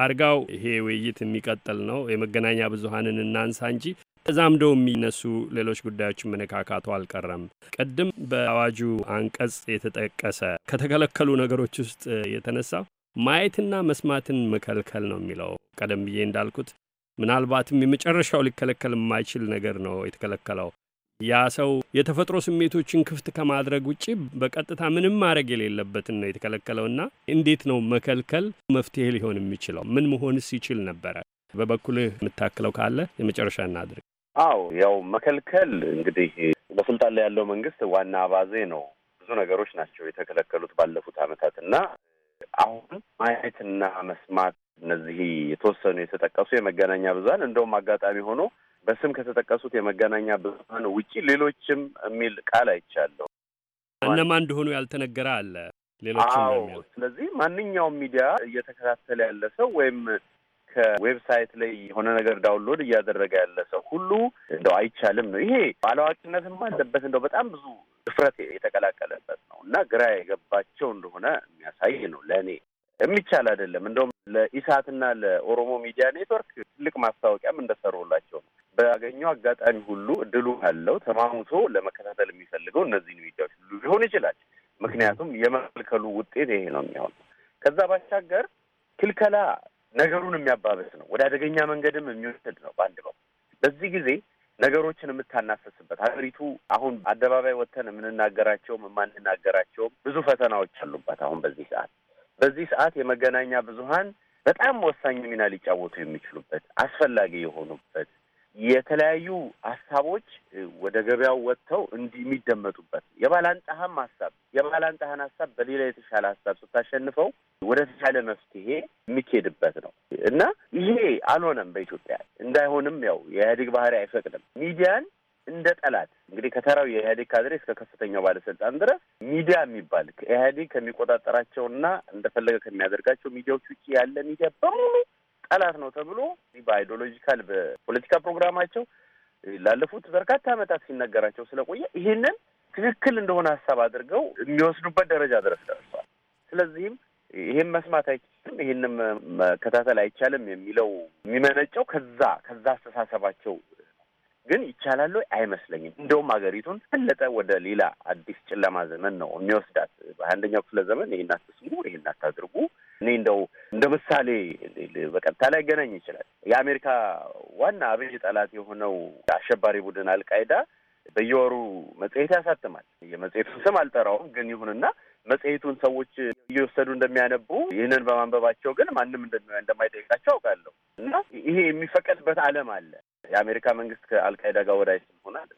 አርጋው፣ ይሄ ውይይት የሚቀጥል ነው። የመገናኛ ብዙሀንን እናንሳ እንጂ ተዛምደው የሚነሱ ሌሎች ጉዳዮች መነካካቱ አልቀረም። ቅድም በአዋጁ አንቀጽ የተጠቀሰ ከተከለከሉ ነገሮች ውስጥ የተነሳው ማየትና መስማትን መከልከል ነው የሚለው ቀደም ብዬ እንዳልኩት ምናልባትም የመጨረሻው ሊከለከል የማይችል ነገር ነው የተከለከለው። ያ ሰው የተፈጥሮ ስሜቶችን ክፍት ከማድረግ ውጭ በቀጥታ ምንም ማድረግ የሌለበትን ነው የተከለከለውና እንዴት ነው መከልከል መፍትሄ ሊሆን የሚችለው? ምን መሆንስ ይችል ነበረ? በበኩልህ የምታክለው ካለ የመጨረሻ እናድርግ። አዎ ያው መከልከል እንግዲህ በስልጣን ላይ ያለው መንግስት ዋና አባዜ ነው። ብዙ ነገሮች ናቸው የተከለከሉት ባለፉት አመታት እና አሁን ማየትና መስማት እነዚህ የተወሰኑ የተጠቀሱ የመገናኛ ብዙኃን እንደውም አጋጣሚ ሆኖ በስም ከተጠቀሱት የመገናኛ ብዙሀን ውጪ ሌሎችም የሚል ቃል አይቻለሁ። እነማን እንደሆኑ ያልተነገረ አለ። ሌሎችም ስለዚህ ማንኛውም ሚዲያ እየተከታተለ ያለ ሰው ወይም ከዌብሳይት ላይ የሆነ ነገር ዳውንሎድ እያደረገ ያለ ሰው ሁሉ እንደው አይቻልም ነው። ይሄ አላዋቂነትም አለበት እንደው በጣም ብዙ ድፍረት የተቀላቀለበት ነው እና ግራ የገባቸው እንደሆነ የሚያሳይ ነው ለእኔ። የሚቻል አይደለም። እንደውም ለኢሳትና ለኦሮሞ ሚዲያ ኔትወርክ ትልቅ ማስታወቂያም እንደሰሩላቸው ነው። ባገኘው አጋጣሚ ሁሉ እድሉ ካለው ተማሙቶ ለመከታተል የሚፈልገው እነዚህን ሚዲያዎች ሁሉ ሊሆን ይችላል። ምክንያቱም የመከልከሉ ውጤት ይሄ ነው የሚሆን። ከዛ ባሻገር ክልከላ ነገሩን የሚያባብስ ነው፣ ወደ አደገኛ መንገድም የሚወስድ ነው። በአንድ በኩል በዚህ ጊዜ ነገሮችን የምታናፈስበት ሀገሪቱ አሁን አደባባይ ወጥተን የምንናገራቸውም የማንናገራቸውም ብዙ ፈተናዎች አሉባት። አሁን በዚህ ሰዓት በዚህ ሰዓት የመገናኛ ብዙሀን በጣም ወሳኝ ሚና ሊጫወቱ የሚችሉበት አስፈላጊ የሆኑበት የተለያዩ ሀሳቦች ወደ ገበያው ወጥተው እንዲህ የሚደመጡበት የባላንጣህም ሀሳብ የባላንጣህን ሀሳብ በሌላ የተሻለ ሀሳብ ስታሸንፈው ወደ ተሻለ መፍትሄ የሚኬድበት ነው እና ይሄ አልሆነም። በኢትዮጵያ እንዳይሆንም ያው የኢህአዴግ ባህሪ አይፈቅድም። ሚዲያን እንደ ጠላት እንግዲህ ከተራው የኢህአዴግ ካድሬ እስከ ከፍተኛው ባለስልጣን ድረስ ሚዲያ የሚባል ኢህአዴግ ከሚቆጣጠራቸውና እንደፈለገ ከሚያደርጋቸው ሚዲያዎች ውጭ ያለ ሚዲያ በሙሉ ጠላት ነው ተብሎ በአይዲዮሎጂካል በፖለቲካ ፕሮግራማቸው ላለፉት በርካታ ዓመታት ሲነገራቸው ስለቆየ ይህንን ትክክል እንደሆነ ሀሳብ አድርገው የሚወስዱበት ደረጃ ድረስ ደርሷል። ስለዚህም ይህን መስማት አይችልም፣ ይህንም መከታተል አይቻልም የሚለው የሚመነጨው ከዛ ከዛ አስተሳሰባቸው ግን ይቻላል አይመስለኝም። እንደውም ሀገሪቱን ፈለጠ ወደ ሌላ አዲስ ጨለማ ዘመን ነው የሚወስዳት። በአንደኛው ክፍለ ዘመን ይህን አትስሙ፣ ይህን አታድርጉ። እኔ እንደው እንደ ምሳሌ በቀጥታ ላይ ገናኝ ይችላል። የአሜሪካ ዋና አብይ ጠላት የሆነው አሸባሪ ቡድን አልቃይዳ በየወሩ መጽሔት ያሳትማል። የመጽሔቱን ስም አልጠራውም፣ ግን ይሁንና መጽሔቱን ሰዎች እየወሰዱ እንደሚያነቡ ይህንን በማንበባቸው ግን ማንም እንደማይጠይቃቸው አውቃለሁ። እና ይሄ የሚፈቀድበት ዓለም አለ። የአሜሪካ መንግስት ከአልቃይዳ ጋር ወዳጅ ሆናል።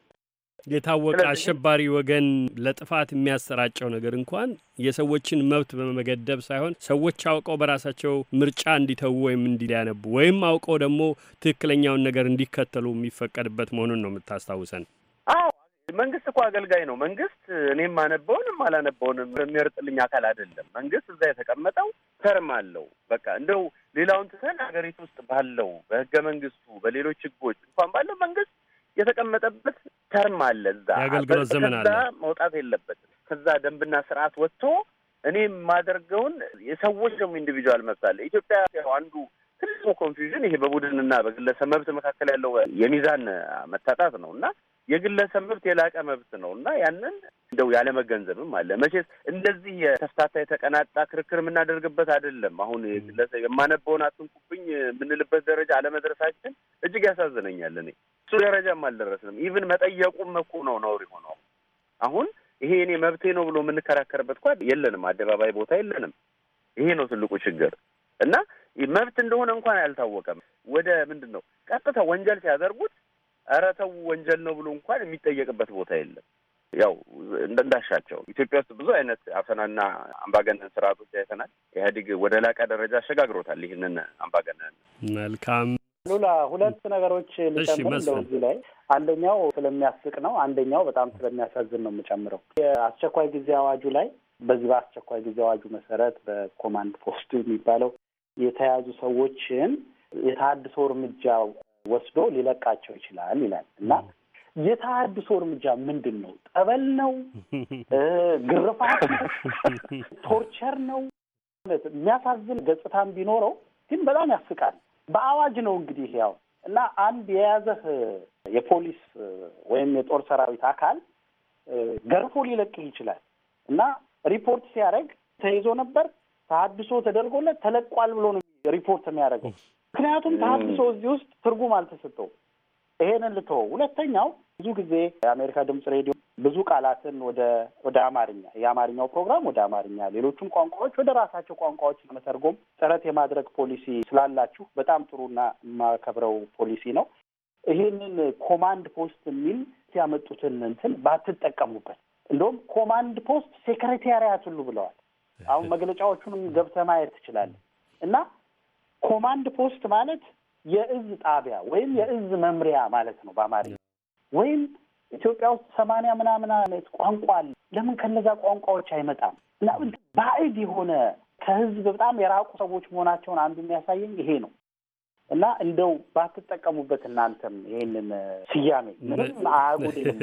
የታወቀ አሸባሪ ወገን ለጥፋት የሚያሰራጨው ነገር እንኳን የሰዎችን መብት በመገደብ ሳይሆን ሰዎች አውቀው በራሳቸው ምርጫ እንዲተዉ ወይም እንዲያነቡ ወይም አውቀው ደግሞ ትክክለኛውን ነገር እንዲከተሉ የሚፈቀድበት መሆኑን ነው የምታስታውሰን። አዎ መንግስት እኮ አገልጋይ ነው። መንግስት እኔም አነበውንም አላነበውንም የሚያርጥልኝ አካል አይደለም። መንግስት እዛ የተቀመጠው ተርም አለው። በቃ እንደው ሌላውን ትተን ሀገሪቱ ውስጥ ባለው በህገ መንግስቱ በሌሎች ህጎች እንኳን ባለው መንግስት የተቀመጠበት ተርም አለ። እዛ የአገልግሎት ዘመን አለ። መውጣት የለበትም ከዛ ደንብና ስርዓት ወጥቶ እኔ የማደርገውን የሰዎች ደግሞ ኢንዲቪጁዋል መብት ኢትዮጵያ አንዱ ትልቁ ኮንፊውዥን ይሄ በቡድንና በግለሰብ መብት መካከል ያለው የሚዛን መታጣት ነው እና የግለሰብ መብት የላቀ መብት ነው እና ያንን እንደው ያለመገንዘብም አለ። መቼስ እንደዚህ የተፍታታ የተቀናጣ ክርክር የምናደርግበት አይደለም። አሁን የግለሰብ የማነበውን አትንኩብኝ የምንልበት ደረጃ አለመድረሳችን እጅግ ያሳዝነኛል። እኔ እሱ ደረጃም አልደረስንም። ኢቭን መጠየቁም መኩ ነው ነውር የሆነው አሁን ይሄ እኔ መብቴ ነው ብሎ የምንከራከርበት እንኳ የለንም። አደባባይ ቦታ የለንም። ይሄ ነው ትልቁ ችግር እና መብት እንደሆነ እንኳን አልታወቀም። ወደ ምንድን ነው ቀጥታ ወንጀል ሲያደርጉት ኧረ ተው ወንጀል ነው ብሎ እንኳን የሚጠየቅበት ቦታ የለም። ያው እንደንዳሻቸው ኢትዮጵያ ውስጥ ብዙ አይነት አፈናና አምባገነን ስርዓቶች አይተናል። ኢህአዴግ ወደ ላቀ ደረጃ አሸጋግሮታል ይህንን አምባገነን። መልካም ሉላ፣ ሁለት ነገሮች ልጨምር እዚህ ላይ አንደኛው ስለሚያስቅ ነው፣ አንደኛው በጣም ስለሚያሳዝን ነው የምጨምረው የአስቸኳይ ጊዜ አዋጁ ላይ በዚህ በአስቸኳይ ጊዜ አዋጁ መሰረት በኮማንድ ፖስቱ የሚባለው የተያዙ ሰዎችን የተሃድሶ እርምጃ ወስዶ ሊለቃቸው ይችላል ይላል እና የተሃድሶ እርምጃ ምንድን ነው? ጠበል ነው? ግርፋት ነው? ቶርቸር ነው? የሚያሳዝን ገጽታም ቢኖረው ግን በጣም ያስቃል። በአዋጅ ነው እንግዲህ ያው እና አንድ የያዘህ የፖሊስ ወይም የጦር ሰራዊት አካል ገርፎ ሊለቅህ ይችላል እና ሪፖርት ሲያደርግ ተይዞ ነበር ተሃድሶ ተደርጎለት ተለቋል ብሎ ነው ሪፖርት የሚያደርገው። ምክንያቱም ተሀድሶ እዚህ ውስጥ ትርጉም አልተሰጠው። ይሄንን ልቶ ሁለተኛው ብዙ ጊዜ የአሜሪካ ድምፅ ሬዲዮ ብዙ ቃላትን ወደ ወደ አማርኛ የአማርኛው ፕሮግራም ወደ አማርኛ ሌሎቹም ቋንቋዎች ወደ ራሳቸው ቋንቋዎች ለመተርጎም ጥረት የማድረግ ፖሊሲ ስላላችሁ በጣም ጥሩና የማከብረው ፖሊሲ ነው። ይህንን ኮማንድ ፖስት የሚል ያመጡትን እንትን ባትጠቀሙበት፣ እንደውም ኮማንድ ፖስት ሴክሬታሪያት ሁሉ ብለዋል። አሁን መግለጫዎቹንም ገብተህ ማየት ትችላለህ እና ኮማንድ ፖስት ማለት የእዝ ጣቢያ ወይም የእዝ መምሪያ ማለት ነው በአማርኛ ወይም ኢትዮጵያ ውስጥ ሰማንያ ምናምን አይነት ቋንቋ አለ። ለምን ከነዛ ቋንቋዎች አይመጣም? እና ባዕድ የሆነ ከህዝብ በጣም የራቁ ሰዎች መሆናቸውን አንዱ የሚያሳየኝ ይሄ ነው። እና እንደው ባትጠቀሙበት እናንተም ይሄንን ስያሜ ምንም አያጎድልም።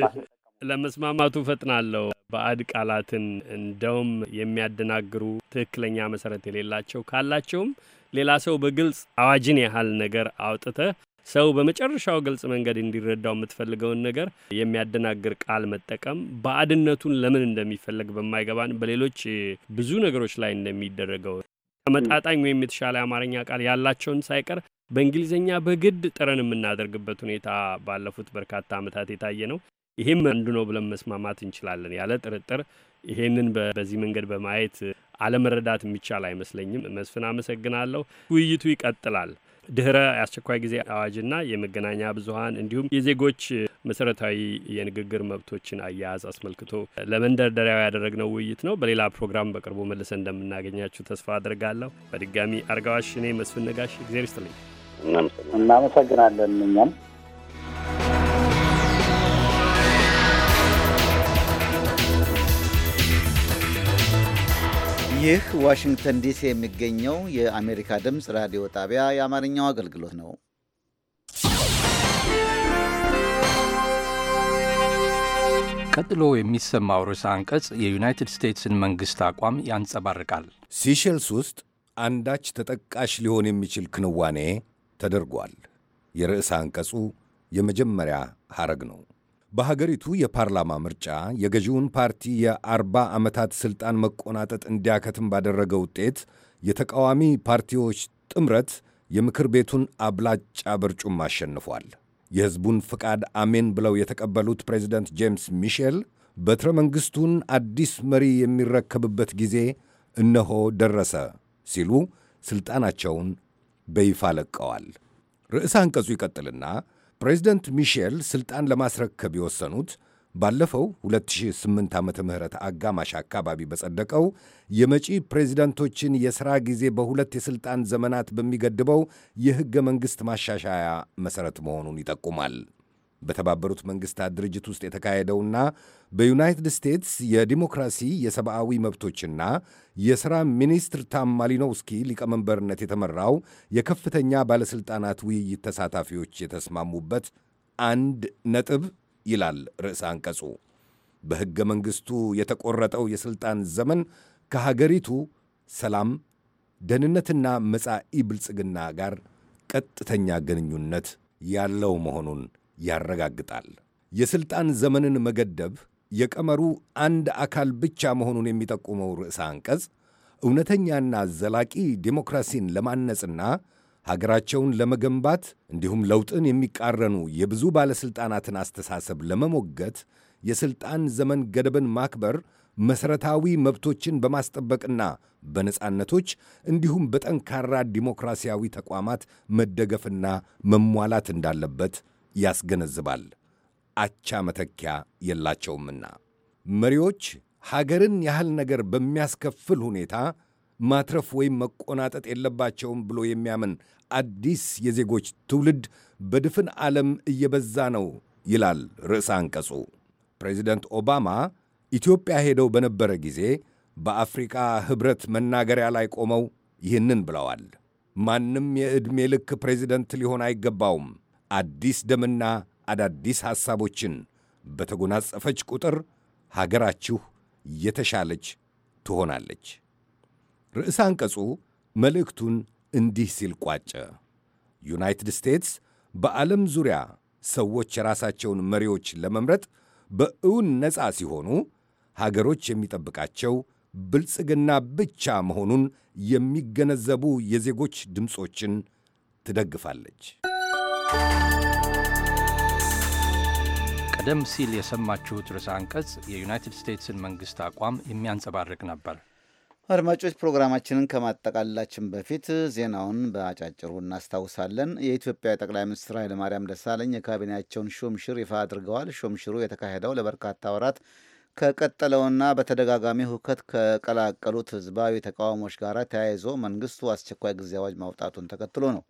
ለመስማማቱ ፈጥናለሁ። ባዕድ ቃላትን እንደውም የሚያደናግሩ ትክክለኛ መሰረት የሌላቸው ካላቸውም ሌላ ሰው በግልጽ አዋጅን ያህል ነገር አውጥተህ ሰው በመጨረሻው ግልጽ መንገድ እንዲረዳው የምትፈልገውን ነገር የሚያደናግር ቃል መጠቀም ባዕድነቱን ለምን እንደሚፈለግ በማይገባን በሌሎች ብዙ ነገሮች ላይ እንደሚደረገው ተመጣጣኝ ወይም የተሻለ አማርኛ ቃል ያላቸውን ሳይቀር በእንግሊዝኛ በግድ ጥረን የምናደርግበት ሁኔታ ባለፉት በርካታ ዓመታት የታየ ነው። ይሄም አንዱ ነው ብለን መስማማት እንችላለን። ያለ ጥርጥር ይሄንን በዚህ መንገድ በማየት አለመረዳት የሚቻል አይመስለኝም። መስፍን አመሰግናለሁ። ውይይቱ ይቀጥላል። ድህረ የአስቸኳይ ጊዜ አዋጅና የመገናኛ ብዙኃን እንዲሁም የዜጎች መሰረታዊ የንግግር መብቶችን አያያዝ አስመልክቶ ለመንደርደሪያው ያደረግነው ውይይት ነው። በሌላ ፕሮግራም በቅርቡ መልሰን እንደምናገኛችሁ ተስፋ አድርጋለሁ። በድጋሚ አርጋዋሽ፣ እኔ መስፍን ነጋሽ፣ እግዜር ይስጥልኝ። እናመሰግናለን እኛም ይህ ዋሽንግተን ዲሲ የሚገኘው የአሜሪካ ድምፅ ራዲዮ ጣቢያ የአማርኛው አገልግሎት ነው። ቀጥሎ የሚሰማው ርዕሰ አንቀጽ የዩናይትድ ስቴትስን መንግሥት አቋም ያንጸባርቃል። ሲሸልስ ውስጥ አንዳች ተጠቃሽ ሊሆን የሚችል ክንዋኔ ተደርጓል። የርዕሰ አንቀጹ የመጀመሪያ ሐረግ ነው። በሀገሪቱ የፓርላማ ምርጫ የገዢውን ፓርቲ የአርባ ዓመታት ሥልጣን መቆናጠጥ እንዲያከትም ባደረገ ውጤት የተቃዋሚ ፓርቲዎች ጥምረት የምክር ቤቱን አብላጫ ብርጩም አሸንፏል። የሕዝቡን ፍቃድ አሜን ብለው የተቀበሉት ፕሬዚደንት ጄምስ ሚሼል በትረ መንግሥቱን አዲስ መሪ የሚረከብበት ጊዜ እነሆ ደረሰ ሲሉ ሥልጣናቸውን በይፋ ለቀዋል። ርዕሰ አንቀጹ ይቀጥልና ፕሬዚደንት ሚሼል ስልጣን ለማስረከብ የወሰኑት ባለፈው 2008 ዓመተ ምህረት አጋማሽ አካባቢ በጸደቀው የመጪ ፕሬዚደንቶችን የሥራ ጊዜ በሁለት የሥልጣን ዘመናት በሚገድበው የሕገ መንግሥት ማሻሻያ መሠረት መሆኑን ይጠቁማል። በተባበሩት መንግስታት ድርጅት ውስጥ የተካሄደውና በዩናይትድ ስቴትስ የዲሞክራሲ የሰብአዊ መብቶችና የሥራ ሚኒስትር ታም ማሊኖውስኪ ሊቀመንበርነት የተመራው የከፍተኛ ባለሥልጣናት ውይይት ተሳታፊዎች የተስማሙበት አንድ ነጥብ ይላል ርዕሰ አንቀጹ በሕገ መንግሥቱ የተቆረጠው የሥልጣን ዘመን ከሀገሪቱ ሰላም፣ ደህንነትና መጻኢ ብልጽግና ጋር ቀጥተኛ ግንኙነት ያለው መሆኑን ያረጋግጣል። የሥልጣን ዘመንን መገደብ የቀመሩ አንድ አካል ብቻ መሆኑን የሚጠቁመው ርዕሰ አንቀጽ እውነተኛና ዘላቂ ዲሞክራሲን ለማነጽና ሀገራቸውን ለመገንባት እንዲሁም ለውጥን የሚቃረኑ የብዙ ባለሥልጣናትን አስተሳሰብ ለመሞገት የሥልጣን ዘመን ገደብን ማክበር መሠረታዊ መብቶችን በማስጠበቅና በነጻነቶች እንዲሁም በጠንካራ ዲሞክራሲያዊ ተቋማት መደገፍና መሟላት እንዳለበት ያስገነዝባል። አቻ መተኪያ የላቸውምና መሪዎች ሀገርን ያህል ነገር በሚያስከፍል ሁኔታ ማትረፍ ወይም መቆናጠጥ የለባቸውም ብሎ የሚያምን አዲስ የዜጎች ትውልድ በድፍን ዓለም እየበዛ ነው ይላል ርዕሰ አንቀጹ። ፕሬዚደንት ኦባማ ኢትዮጵያ ሄደው በነበረ ጊዜ በአፍሪካ ኅብረት መናገሪያ ላይ ቆመው ይህንን ብለዋል። ማንም የዕድሜ ልክ ፕሬዚደንት ሊሆን አይገባውም። አዲስ ደምና አዳዲስ ሐሳቦችን በተጎናጸፈች ቁጥር ሀገራችሁ የተሻለች ትሆናለች። ርዕሰ አንቀጹ መልእክቱን እንዲህ ሲል ቋጨ። ዩናይትድ ስቴትስ በዓለም ዙሪያ ሰዎች የራሳቸውን መሪዎች ለመምረጥ በእውን ነፃ ሲሆኑ ሀገሮች የሚጠብቃቸው ብልጽግና ብቻ መሆኑን የሚገነዘቡ የዜጎች ድምፆችን ትደግፋለች። ቀደም ሲል የሰማችሁት ርዕሰ አንቀጽ የዩናይትድ ስቴትስን መንግስት አቋም የሚያንጸባርቅ ነበር። አድማጮች፣ ፕሮግራማችንን ከማጠቃላችን በፊት ዜናውን በአጫጭሩ እናስታውሳለን። የኢትዮጵያ ጠቅላይ ሚኒስትር ኃይለማርያም ደሳለኝ የካቢኔያቸውን ሹምሽር ይፋ አድርገዋል። ሹምሽሩ የተካሄደው ለበርካታ ወራት ከቀጠለውና በተደጋጋሚ ሁከት ከቀላቀሉት ህዝባዊ ተቃዋሞች ጋር ተያይዞ መንግስቱ አስቸኳይ ጊዜ አዋጅ ማውጣቱን ተከትሎ ነው።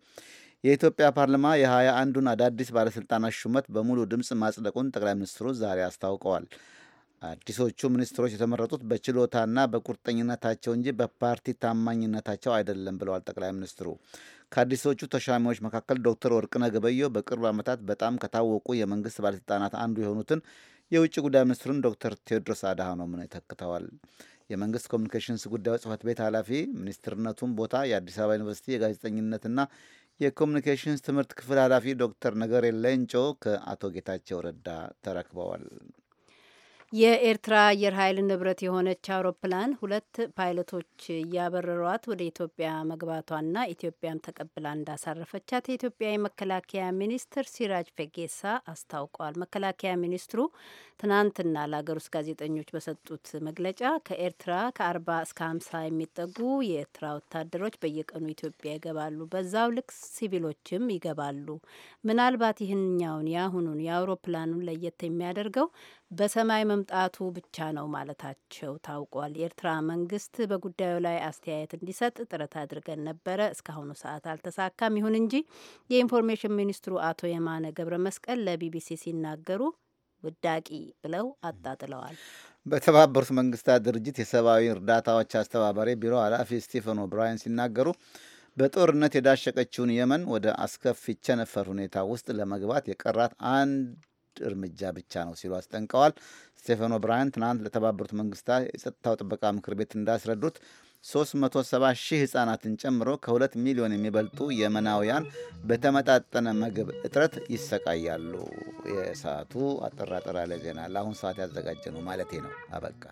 የኢትዮጵያ ፓርላማ የሃያ አንዱን አዳዲስ ባለስልጣናት ሹመት በሙሉ ድምፅ ማጽደቁን ጠቅላይ ሚኒስትሩ ዛሬ አስታውቀዋል። አዲሶቹ ሚኒስትሮች የተመረጡት በችሎታና በቁርጠኝነታቸው እንጂ በፓርቲ ታማኝነታቸው አይደለም ብለዋል ጠቅላይ ሚኒስትሩ። ከአዲሶቹ ተሻሚዎች መካከል ዶክተር ወርቅነህ ገበየሁ በቅርብ ዓመታት በጣም ከታወቁ የመንግስት ባለስልጣናት አንዱ የሆኑትን የውጭ ጉዳይ ሚኒስትሩን ዶክተር ቴዎድሮስ አድሃኖምን ተክተዋል። የመንግስት ኮሚኒኬሽንስ ጉዳዮች ጽህፈት ቤት ኃላፊ ሚኒስትርነቱን ቦታ የአዲስ አበባ ዩኒቨርሲቲ የጋዜጠኝነትና የኮሚኒኬሽንስ ትምህርት ክፍል ኃላፊ ዶክተር ነገሬ ሌንጮ ከአቶ ጌታቸው ረዳ ተረክበዋል። የኤርትራ አየር ኃይል ንብረት የሆነች አውሮፕላን ሁለት ፓይለቶች እያበረሯት ወደ ኢትዮጵያ መግባቷና ኢትዮጵያም ተቀብላ እንዳሳረፈቻት የኢትዮጵያ የመከላከያ ሚኒስትር ሲራጅ ፌጌሳ አስታውቋል። መከላከያ ሚኒስትሩ ትናንትና ለሀገር ውስጥ ጋዜጠኞች በሰጡት መግለጫ ከኤርትራ ከአርባ እስከ ሀምሳ የሚጠጉ የኤርትራ ወታደሮች በየቀኑ ኢትዮጵያ ይገባሉ፣ በዛው ልክ ሲቪሎችም ይገባሉ። ምናልባት ይህኛውን የአሁኑን የአውሮፕላኑን ለየት የሚያደርገው በሰማይ መምጣቱ ብቻ ነው ማለታቸው ታውቋል። የኤርትራ መንግስት በጉዳዩ ላይ አስተያየት እንዲሰጥ ጥረት አድርገን ነበረ፣ እስካሁኑ ሰዓት አልተሳካም። ይሁን እንጂ የኢንፎርሜሽን ሚኒስትሩ አቶ የማነ ገብረ መስቀል ለቢቢሲ ሲናገሩ ውዳቂ ብለው አጣጥለዋል። በተባበሩት መንግስታት ድርጅት የሰብአዊ እርዳታዎች አስተባባሪ ቢሮ ኃላፊ ስቲፈን ኦብራየን ሲናገሩ በጦርነት የዳሸቀችውን የመን ወደ አስከፊ ቸነፈር ሁኔታ ውስጥ ለመግባት የቀራት አንድ እርምጃ ብቻ ነው ሲሉ አስጠንቀዋል። ስቴፈኖ ብራያን ትናንት ለተባበሩት መንግስታት የጸጥታው ጥበቃ ምክር ቤት እንዳስረዱት 370 ሺህ ህጻናትን ጨምሮ ከሁለት ሚሊዮን የሚበልጡ የመናውያን በተመጣጠነ ምግብ እጥረት ይሰቃያሉ። የሰዓቱ አጠራጠር ያለ ዜና ለአሁን ሰዓት ያዘጋጀ ነው ማለቴ ነው። አበቃ።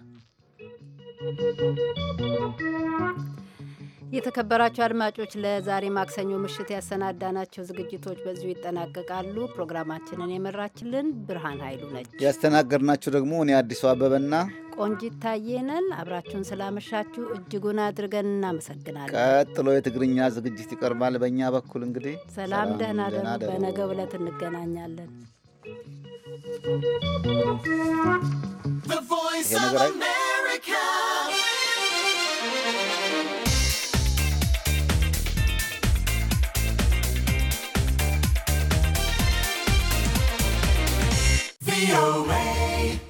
የተከበራቸው አድማጮች ለዛሬ ማክሰኞ ምሽት ያሰናዳናቸው ዝግጅቶች በዚሁ ይጠናቀቃሉ። ፕሮግራማችንን የመራችልን ብርሃን ኃይሉ ነች። ያስተናገድናችሁ ደግሞ እኔ አዲሱ አበበና ቆንጂት ታየነን። አብራችሁን ስላመሻችሁ እጅጉን አድርገን እናመሰግናለን። ቀጥሎ የትግርኛ ዝግጅት ይቀርባል። በእኛ በኩል እንግዲህ ሰላም፣ ደህና ደሩ። በነገ ዕለት እንገናኛለን። ይሄ ነገር VOA.